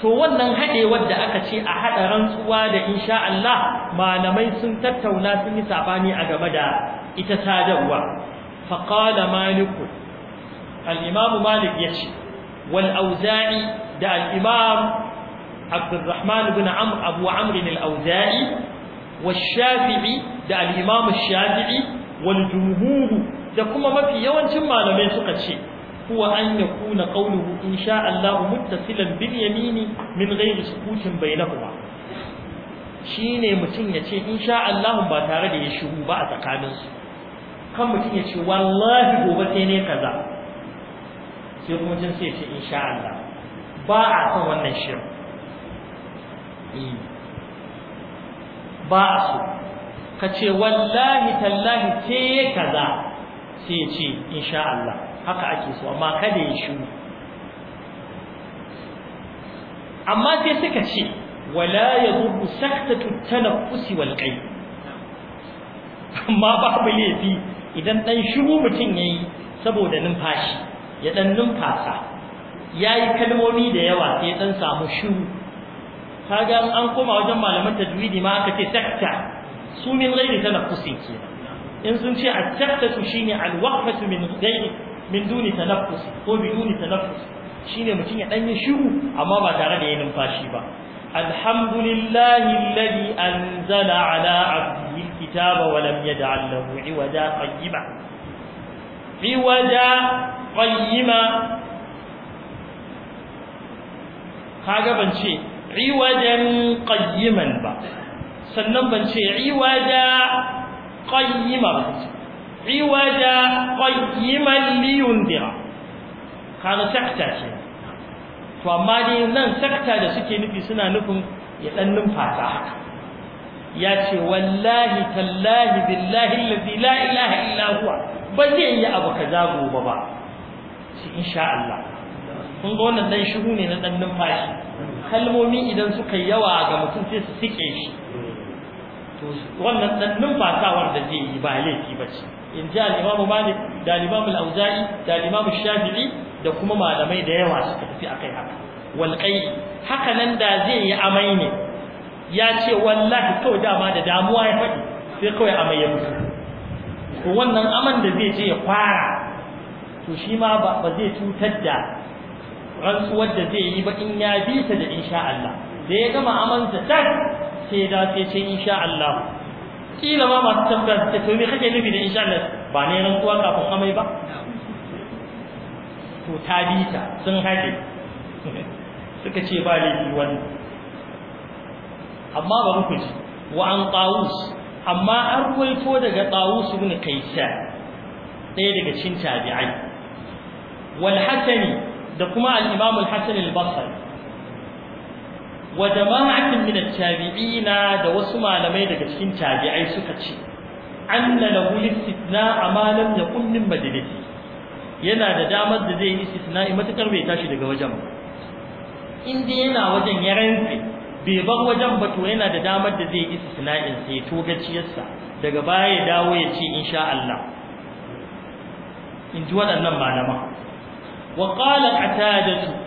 to wannan haɗewar da aka ce a haɗa rantsuwa da insha Allah malamai sun tattauna sun yi sabani a game da ita sadarwa faqala malik al-imam malik yace wal auza'i da al-imam Abdurrahman ibn Amr Abu Amr al-Auza'i wal Shafi'i da al-imam Shafi'i wal jumhur da kuma mafi yawancin malamai suka ce هو أن يكون قوله إن شاء الله متصلا باليمين من غير سكوت بينهما shine mutum ya ce in Allah ba tare da ya shigo ba a tsakaninsu kan mutum ya ce wallahi gobe sai ne kaza sai kuma mutum sai ya ce Allah ba a san wannan shirin ba a so ka ce wallahi tallahi sai kaza sai ya ce in Allah haka ake so amma kada ya shiru amma sai suka ce wala yadurru saktatu tanaffusi wal qay amma babu laifi idan dan shiru mutum yayi saboda numfashi ya dan numfasa yayi kalmomi da yawa sai dan samu shiru kaga an koma wajen malaman tajwidi ma aka ce sakta su min ghairi tanaffusi kenan in sun ce a saktatu shine al-waqfatu min ghairi min duni tanaffus ko biduni tanaffus shine mutum ya dan yi shiru amma ba tare da yin numfashi ba alhamdulillahi alladhi anzala ala abdihi alkitaba wa lam yaj'al lahu iwaja qayyima iwaja qayyiba kaga ban ce iwajan qayyiman ba sannan ban ce iwaja qayyima ba عوجا قيما لينذر kaga sakta ce to amma dai nan sakta da suke nufi suna nufin ya dan numfasa haka ya ce wallahi tallahi billahi allazi la ilaha illa huwa ba zai yi abu kaza gobe ba shi insha Allah kun ga wannan dan shiru ne na dan numfashi kalmomi idan suka yawa ga mutum sai su sike shi to wannan dan numfasawar da zai yi ba laifi bace in ji al'imamu malik da al'imamu al'auza'i da al'imamu shafi'i da kuma malamai da yawa suka tafi akai haka walƙai haka nan da zai yi amai ne ya ce wallahi kawai dama da damuwa ya faɗi sai kawai amai ya mutu to wannan aman da zai je ya fara to shi ma ba zai cutar da rantsuwar da zai yi ba in ya bi ta da insha Allah da ya gama amansa tak sai da sai ce insha Allah kila ma masu tafiya su ce to me kake nufi da insha Allah ba ne kuwa kafin amai ba to ta bita sun haɗe suka ce ba laifi wani amma ba muku ji wa an tawus amma an ruwaito daga tawus ibn kaisa ɗaya daga cikin tabi'ai wal hasani da kuma al-imam al-hasan al-basri wa jama'atin min at-tabi'ina da wasu malamai daga cikin tabi'ai suka ce anna lahu istithna ma lam yakun min majlisi yana da damar da zai yi in matakar bai tashi daga wajen ba in dai yana wajen ya rantsi bai bar wajen ba to yana da damar da zai yi istithna'in sai to gaciyarsa daga baya ya dawo ya ce insha Allah in ji waɗannan malama wa qala qatadatu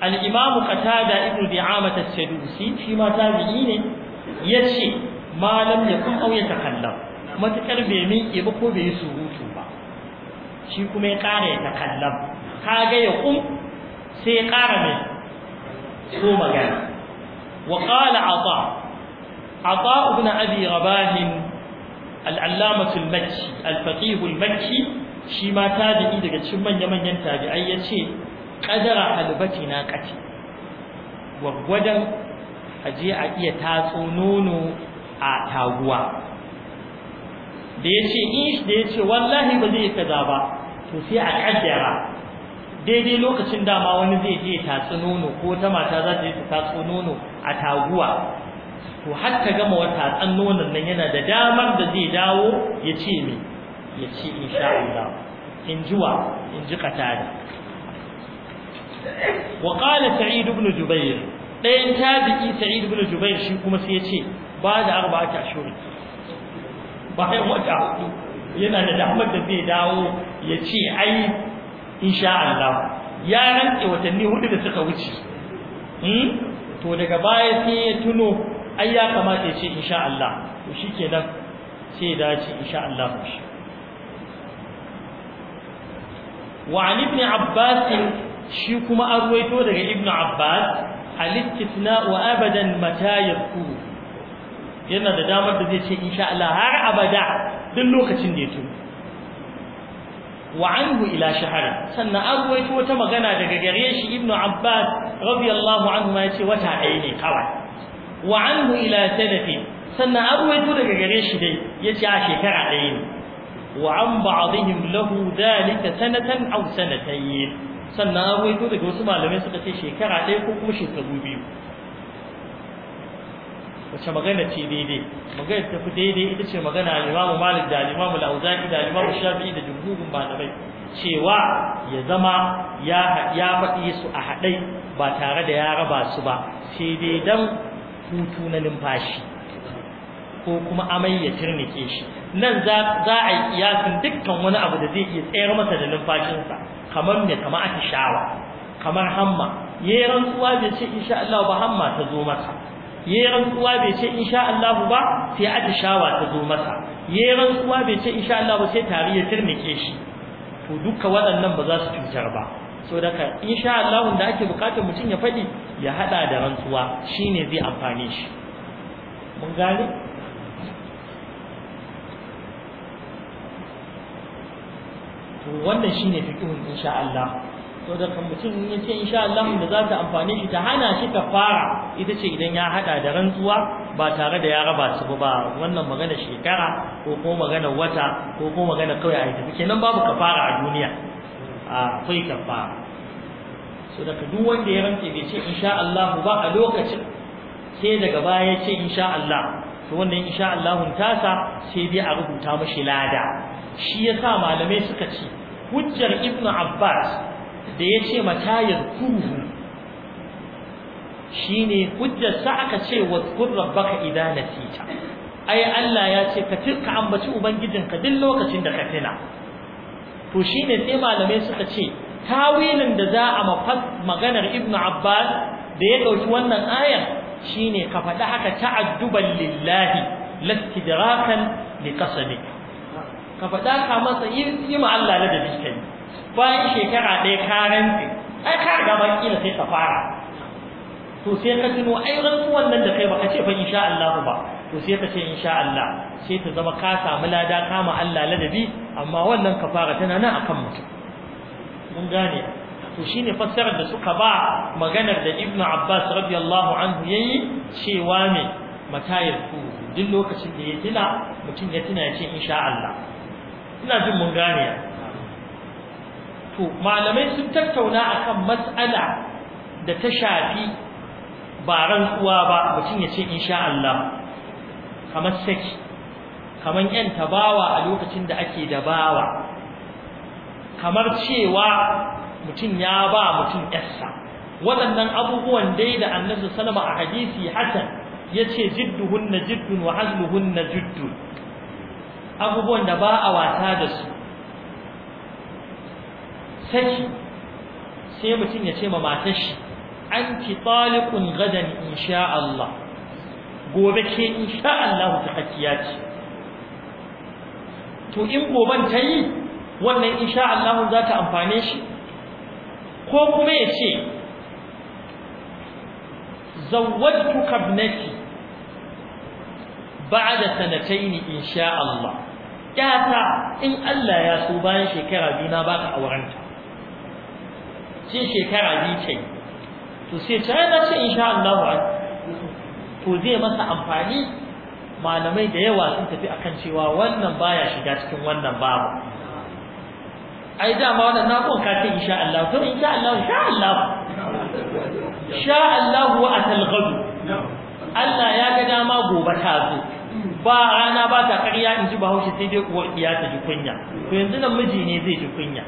al-imam qatada ibn bi'amah as-sadusi shi ma tabi'i ne yace malam ya kun auya takallam matakar bai miƙe ba ko bai yi surutu ba shi kuma ya ƙara ya takallam kaga ya kum sai ya ƙara mai ko magana wa qala ata ata ibn abi rabah al-allamah al-makki al-faqih al-makki shi ma tabi'i daga cikin manya-manyan tabi'ai yace halbati na qati gwaggwadan aje a iya tatso nono a taguwa da yace in da yace wallahi ba zai kaza ba to sai a kaddara daidai lokacin dama wani zai je tatsi nono ko ta mata za ta je ta tatso nono a taguwa to har ta gama wata tsan nonon nan yana da damar da zai dawo ya ce me ya ce insha Allah in ji in ji katari وقال سعيد بن جبير ɗayan tabi'i sa'id ibn jubair shi kuma sai ya ce ba da arba'a arba'ata ashuri bayan wata yana da damar da zai dawo ya ce ai insha Allah ya rantse watanni hudu da suka wuce hmm? to daga baya sai ya tuno ai ya kamata ya ce insha Allah to shikenan sai da ce insha Allah shi wa ibn abbas shi kuma an ruwaito daga ibnu abbas al wa abadan mata yakuru yana da damar da zai ce insha Allah har abada duk lokacin da ya tuno wa anhu ila shahara sannan an ruwaito wata magana daga gare shi ibnu abbas radiyallahu anhu ma yace wata ɗaya ne kawai wa anhu ila sanafi sannan an ruwaito daga gare shi dai yace a shekara ɗaya ne wa an ba'dihim lahu dhalika sanatan aw sanatayn sannan an waito daga wasu malamai suka ce shekara ɗaya ko kuma shekaru biyu wace magana ce daidai magana ta fi daidai ita ce magana alimamu malik da Limamu la'uzaki da alimamu shafi'i da jumhurin malamai cewa ya zama ya faɗi su a haɗai ba tare da ya raba su ba sai dai dan hutu na numfashi ko kuma amai ya tirnike shi nan za a yi kiyasin dukkan wani abu da zai iya tsayar masa da numfashinsa kamar ne kamar shawa kamar hamma yayi rantsuwa bai ce insha Allah ba hamma ta zo masa yayi rantsuwa bai ce insha Allah ba sai atishawa ta zo masa yayi rantsuwa bai ce insha Allah ba sai tari ya turmike shi to duka waɗannan ba za su cutar ba so daga insha Allah da ake bukatar mutum ya fadi ya hada da rantsuwa shine zai amfane shi mun gane wannan shine fiqhun insha Allah to da kan mutum in yace insha Allah da za ta amfane shi ta hana shi kafara ita ce idan ya hada da rantsuwa ba tare da ya raba su ba wannan magana shekara ko ko magana wata ko ko magana kawai a ita kenan babu kafara a duniya akwai kafara so da duk wanda ya rantse bai ce insha Allah ba a lokacin sai daga baya ya ce insha Allah to wannan insha Allah tasa sai dai a rubuta mashi lada shi yasa malamai suka ce hujjar ibn abbas da ya ce mata yadkuruhu shine hujjar sa aka ce wadkur rabbaka idan tita ai Allah ya ce ka tilka ambaci ka duk lokacin da ka tuna to shine sai malamai suka ce tawilin da za a maganar ibn abbas da ya dauki wannan ayar shine ka faɗi haka ta'adduban lillahi lastidrakan liqasmika ka faɗa ka masa yi ma Allah na da kai bayan shekara ɗaya ka rantsi ai ka riga ba kila sai ka fara to sai ka tuno ai rantsuwan wannan da kai baka ce fa insha Allah ba to sai ka ce insha Allah sai ta zama ka samu lada kama Allah ladabi amma wannan kafara tana nan akan mutum mun gane to shine fassarar da suka ba maganar da Ibn Abbas radiyallahu anhu yayi cewa me matayar ku duk lokacin da ya tuna mutum ya tuna ya ce insha Allah ina jin mun gane ya to malamai sun tattauna akan matsala da ta shafi ba uwa ba mutum ya ce insha Allah kamar saki kamar yan tabawa a lokacin da ake da bawa kamar cewa mutum ya ba mutum yassa waɗannan abubuwan dai da annabi sallama a hadisi hasan yace jidduhunna jiddun wa azluhunna jiddun abubuwan da ba a wata da su saki sai mutum ya ce ma matar shi anti taliqun gadan insha Allah gobe ke insha Allah ta hakiya ce to in goban ta yi wannan insha Allah za ta amfane shi ko kuma ya ce zawwadtuka ibnati ba'da sanatayn insha Allah ƴata in Allah ya so bayan shekara biyu na baka aurenta sai shekara biyu ce to sai ta na ce insha Allah to zai masa amfani malamai da yawa sun tafi akan cewa wannan baya shiga cikin wannan babu ai dama wannan na kon ka ce insha Allah to insha Allah insha Allah insha Allah wa atal ghadu Allah ya ga dama gobe ta zo ba rana ba ta ƙarya in ji bahaushe sai dai uwar iya ta ji kunya to yanzu nan miji ne zai ji kunya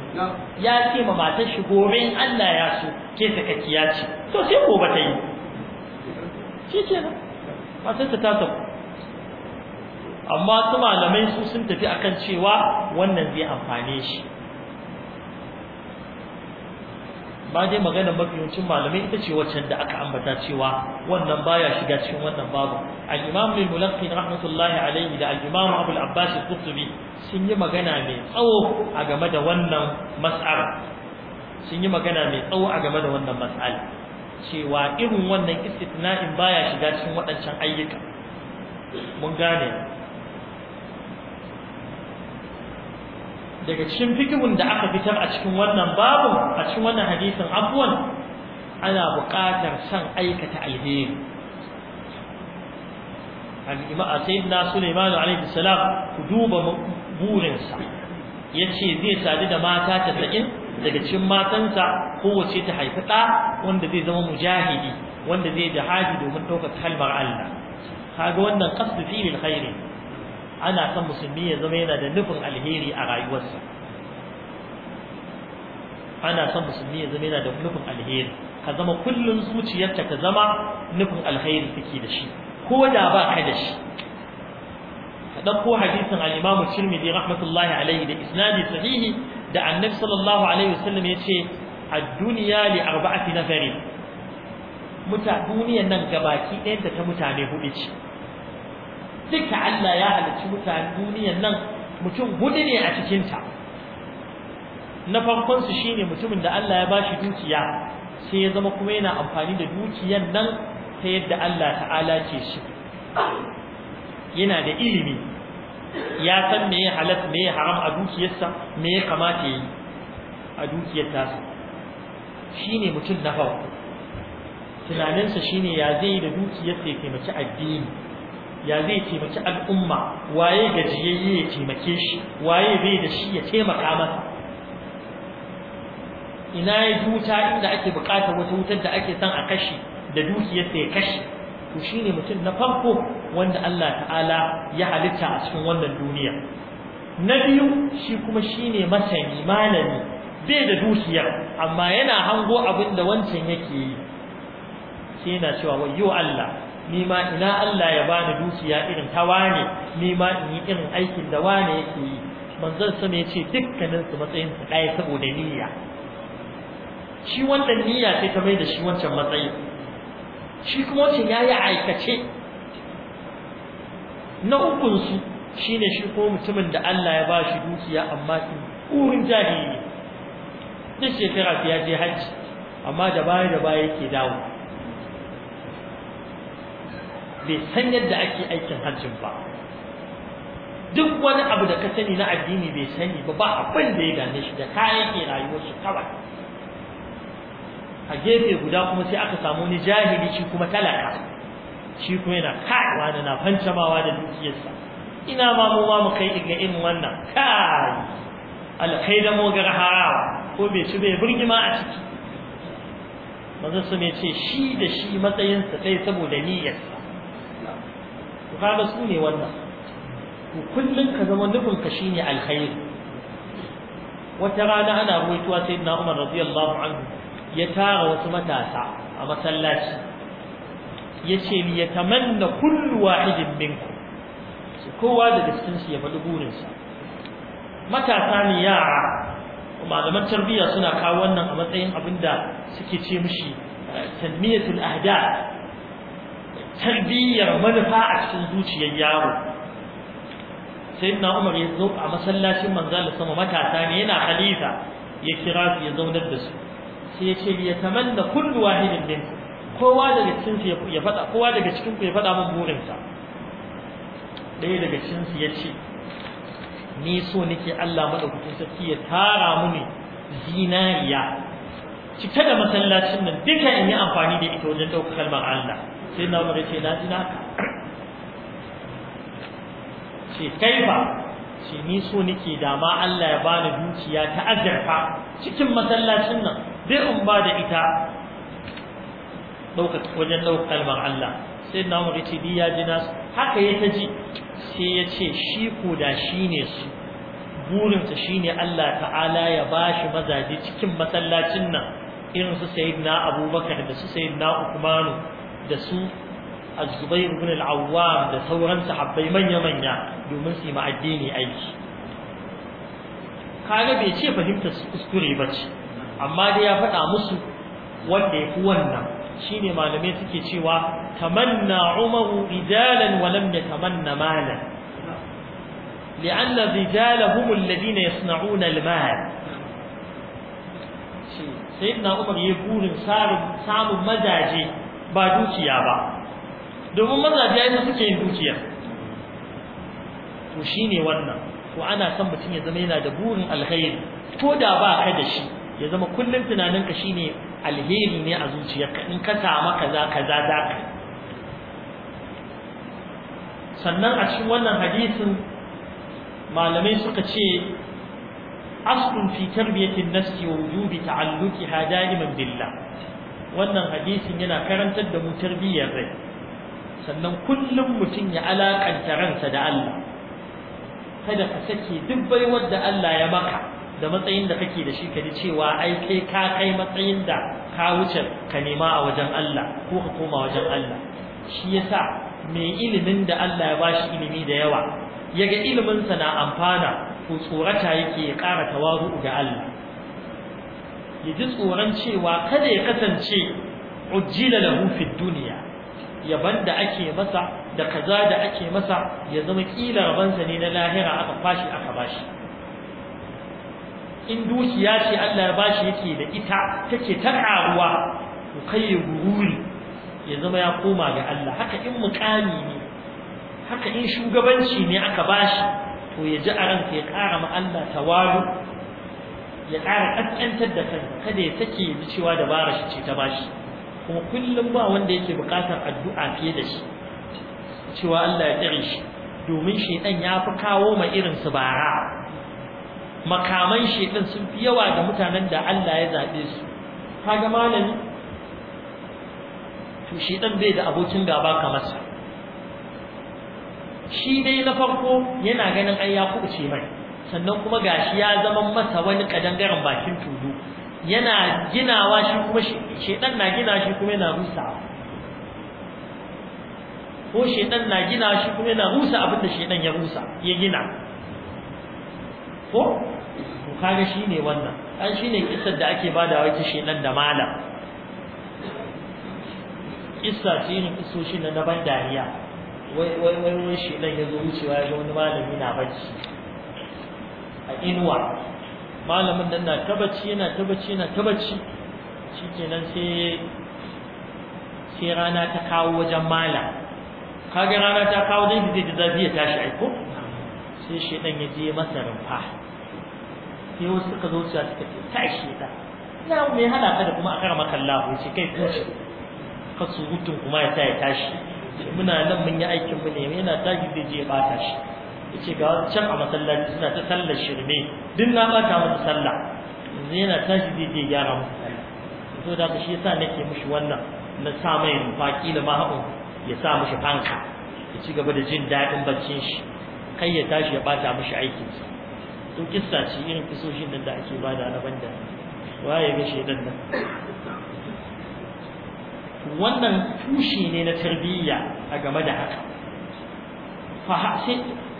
ya ce ma matar shi gobe Allah ya so ke ya ce to sai ta yi shi ce na matar ta ta sauko amma su malamai su sun tafi akan cewa wannan zai amfane shi ba dai magana mafiyancin malamai ita ce waccan da aka ambata cewa wannan baya shiga cikin wannan babu al-imam bin mulaqqin rahmatullahi alayhi da al-imam abul abbas al-qutubi sun yi magana mai tsawo a game da wannan mas'ala sun yi magana mai tsawo a game da wannan mas'ala cewa irin wannan istitna'in baya shiga cikin waɗancan ayyuka mun gane daga cikin fikihun da aka fitar a cikin wannan babun a cikin wannan hadisin afwan ana buƙatar san aikata alheri al-imam sayyidina Sulaiman alayhi salam ku duba burinsa yace zai sadu da mata 90 daga cikin matansa kowace ta haifi ɗa wanda zai zama mujahidi wanda zai jihadi domin ɗaukar kalmar Allah kaga wannan qasdu fi lil khairi ana son musulmi ya zama yana da nufin alheri a rayuwarsa ana son musulmi ya zama yana da nufin alheri ka zama kullum zuciyarta ka zama nufin alheri take da shi ko da ba ka da shi ka ɗauko hadisin al-imamu rahmatullahi alaihi da isnadi sahihi da annabi sallallahu alaihi wasallam ya ce ad-dunya li arba'ati nafarin muta duniyan nan gabaki ɗayanta ta mutane hudu ce duka Allah ya halicci mutanen duniyan nan mutum gudu ne a cikinta na farkon su shine mutumin da Allah ya bashi dukiya sai ya zama kuma yana amfani da dukiyan nan ta yadda Allah ta'ala ke shi yana da ilimi ya san me ya halatta me ya haram a dukiyarsa me ya kamata yi a dukiyar tasa shine mutum na farko tunaninsa shine ya zai da dukiyarsa ya taimaki addini ya zai taimaki al'umma waye gajiyayye ya taimake shi waye bai da shi ya taimaka masa ina ya huta inda ake bukatar wata wutar da ake son a kashe da dukiyarsa ya kashe to shine mutum na farko wanda Allah ta'ala ya halitta a cikin wannan duniya na biyu shi kuma shine masani malami bai da dukiyar amma yana hango abin da wancan yake yi sai yana cewa wayyo Allah Nima ina Allah ya bani dukiya irin ta wane nima in yi irin aikin da wane yake yi manzon sama ya ce dukkanin su matsayin su ɗaya saboda niyya shi wannan niyya sai ta mai da shi wancan matsayi shi kuma wancan ya yi aikace na ukun su shine shi ko mutumin da Allah ya ba shi dukiya amma urin jahili duk shekara ya je hajji amma da baya da baya yake dawo bai san yadda ake aikin hajjin ba duk wani abu da ka sani na addini bai sani ba ba abin da ya gane shi da kayan ke rayuwar shi kawai a gefe guda kuma sai aka samu ni jahili shi kuma talaka shi kuma yana kaiwa da na fancamawa da dukiyarsa ina ma mu ma mu kai ga irin wannan kai alkai da mogar harawa ko bai ci bai burgima a ciki manzon su ne ce shi da shi matsayinsa sai saboda niyyarsa kaga su ne wannan kullum ka zama nufin ka shine alkhairi wata rana ana ruwaituwa na Umar radiyallahu anhu ya tara wasu matasa a masallaci yace ni yatamanna kullu wahidin minkum kowa daga cikin ya faɗi burinsa matasa ne yara malaman tarbiyya suna kawo wannan a matsayin abinda suke ce mishi eh, tanmiyatul ahdath tarbiyyar manufa a cikin zuciyar yaro sai na umar ya zo a masallacin manzala sama matasa ne yana halifa ya kira su ya zaunar da su sai ya ce ya tamanna kullu wahidin din kowa daga cikin ya fada kowa daga cikin ya fada min burinsa ɗaya daga cikin ya ce ni so nake Allah madaukakin sarki ya tara mini zinariya cike da masallacin nan duka in yi amfani da ita wajen ɗaukar kalmar Allah sai na umar ce na ji ka ce kai ba ce ni so nake da ma Allah ya bani dukiya ta azurfa cikin masallacin nan dai in ba da ita dauka wajen ɗaukar kalmar Allah sai na umar ce biya ya haka ya taji sai ya ce shi ko da shi ne su burinsa shi ne Allah ta'ala ya ba shi mazaje cikin masallacin nan irin su Sayyidina abubakar da su Sayyidina ukmanu da su a zubairu ibn al da sauransu sahabbai manya manya domin su yi ma addini aiki kaga bai ce fahimtar su kuskure ba ce amma dai ya faɗa musu wanda ya fi wannan shine malamai suke cewa tamanna umaru rijalan wa lam yatamanna malan لأن الرجال هم الذين يصنعون المال سيدنا عمر يقول سامو مزاجي ba dukiya ba domin mazaje su suke yin dukiya to shine wannan ko ana son mutum ya zama yana da burin alkhairi ko da ba ka da shi ya zama kullum tunaninka shine alheri ne a zuciyarka in ka samu kaza kaza za ka sannan a cikin wannan hadisin malamai suka ce aslun fi tarbiyatin nafsi wa wujubi ta'alluqiha da'iman billah wannan hadisin yana karantar da mu tarbiyyar rai sannan kullum mutum ya alakanta ransa da Allah kada ka sake duk baiwar da Allah ya maka da matsayin da kake da shi ka ji cewa ai kai ka kai matsayin da ka wuce ka nema a wajen Allah ko ka koma wajen Allah shi yasa mai ilimin da Allah ya bashi ilimi da yawa yaga ilimin sa na amfana ko tsorata yake ya ƙara tawazu ga Allah ya ji tsoron cewa kada ya kasance ujjila lahu fi duniya yaban da ake masa da kaza da ake masa ya zama kila rabansa ne na lahira aka fashi aka bashi in dukiya ce Allah ya bashi yake da ita take ta karuwa to kai gururi ya zama ya koma ga Allah haka in mukami ne haka in shugabanci ne aka bashi to ya ji a ranka ya kara ma Allah tawadu ya ƙara ƙasƙantar da kansa kada ya sake yi cewa dabara shi ce ta bashi kuma kullum ba wanda yake buƙatar addu'a fiye da shi cewa Allah ya tsare shi domin shi dan ya fi kawo ma irin su bara makaman shi din sun fi yawa ga mutanen da Allah ya zabe su kaga malami to dan bai da abokin gaba kamar sa shi dai na farko yana ganin ai ya kuɓuce mai sannan kuma gashi ya zama masa wani kadangaren bakin tudu yana ginawa shi kuma shedan na gina shi kuma yana rusa ko shedan na gina shi kuma yana rusa abinda shedan ya rusa ya gina ko to kaga shine wannan an shine kissar da ake badawa ita shedan da malam kissa ce ne shi na ban dariya wai wai wai shedan ya zo wucewa ya ga wani malami na bacci inuwa malamin nan na tabbaci yana tabbaci yana tabbaci shikenan sai sai rana ta kawo wajen mala kage rana ta kawo dai da zafi ya tashi aiko sai dan ya je masa rumfa sai wasu suka zo su suka ce tashi da na mai hana ka da kuma akara maka Allah ce kai kuce ka hutun kuma ya ta ya tashi muna nan mun yi aikin mu ne yana tashi zai je ya bata shi yake ga can a masallaci suna ta sallar shirme duk na bata musu sallah yanzu yana tashi zai je gyara musu sallah to da shi yasa nake mishi wannan na sa mai baki da mahaɓin ya sa mishi fanka ya ci gaba da jin daɗin baccin shi kai ya tashi ya bata mishi aikinsa to kissa ce irin kisoshin nan da ake bada na banda waye ga shedan nan wannan tushe ne na tarbiyya a game da haka fa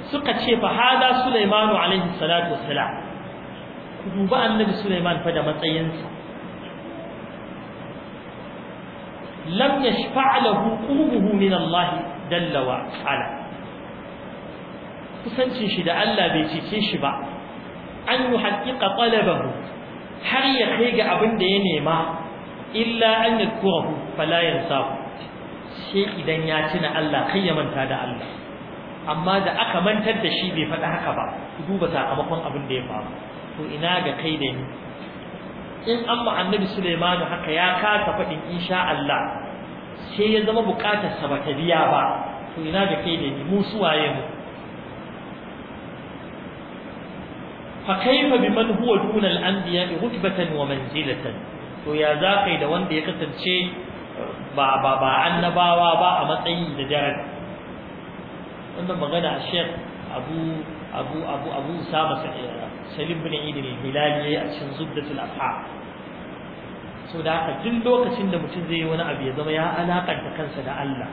suka ce fa hada Sulaimanu alaihi salatu wassalam ku duba annabi Sulaiman fa da matsayinsa lam yashfa'a lahu qubuhu min Allah dalla wa ala kusancin shi da Allah bai cece shi ba an yuhaqqiqa talabahu har ya kai ga abin da ya nema illa an yakurahu fala yansahu sai idan ya tuna Allah kai ya manta da Allah amma da aka mantar da shi bai faɗi haka ba duba sakamakon abin da ya faru to ina ga kai da ni in an ma annabi Sulaiman haka ya kasa faɗin insha Allah sai ya zama bukatar sa bata biya ba to ina ga kai da ni mu suwaye mu fa kaifa biman huwa duna al-anbiya rutbatan wa manzilatan to ya zakai da wanda ya kasance ba ba ba annabawa ba a matsayi da daraja wannan magana a shek abu abu abu abu usama eh, salim bin idil hilali a cikin zubdatul afha so da haka duk lokacin da mutum zai yi wani abu ya zama ya alakanta kansa da Allah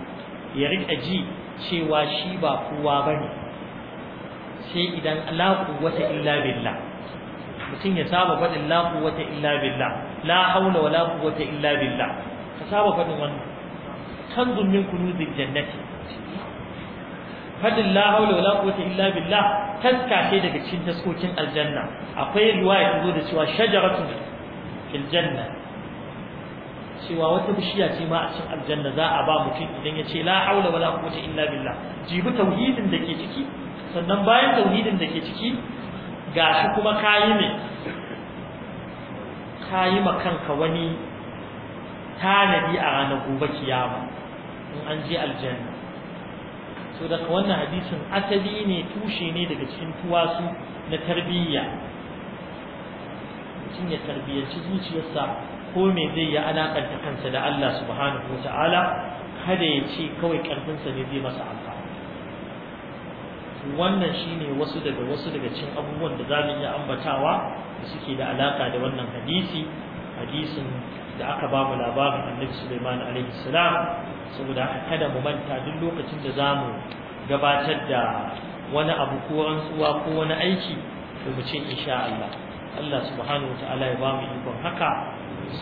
ya rika ji cewa shi ba kowa bane sai idan la quwwata illa billah mutum ya saba faɗin la quwwata illa billah la haula wala quwwata illa billah ka saba faɗin wannan kanzun min kunuzil jannati fadin la haula wala quwwata illa billah taska ce daga cikin taskokin aljanna akwai riwaya ta zo da cewa shajaratu fil janna cewa wata bishiya ce ma a cikin aljanna za a ba mutum idan ya ce la haula wala quwwata illa billah jibi tauhidin da ke ciki sannan bayan tauhidin da ke ciki gashi kuma kayi ne kayi kanka wani tanadi a ranar gobe kiyama in an je aljanna so daga wannan hadisin asali ne tushe ne daga cikin tuwasu na tarbiyya mutum ya tarbiyyarci zuciyarsa ko me zai yi alakanta kansa da Allah subhanahu wa ta'ala kada ya ce kawai karfinsa ne zai masa amfani wannan shine wasu daga wasu daga cikin abubuwan da za mu iya ambatawa da suke da alaka da wannan hadisi hadisin da aka ba mu labarin Annabi Sulaiman alaihi salam saboda kada mu manta duk lokacin da zamu gabatar da wani abu ko rantsuwa ko wani aiki to mu ce insha Allah Allah subhanahu wataala ya ba mu ikon haka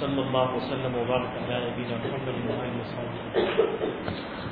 sallallahu alaihi wa sallam wa baraka ala nabiyina Muhammadin wa alihi wa sahbihi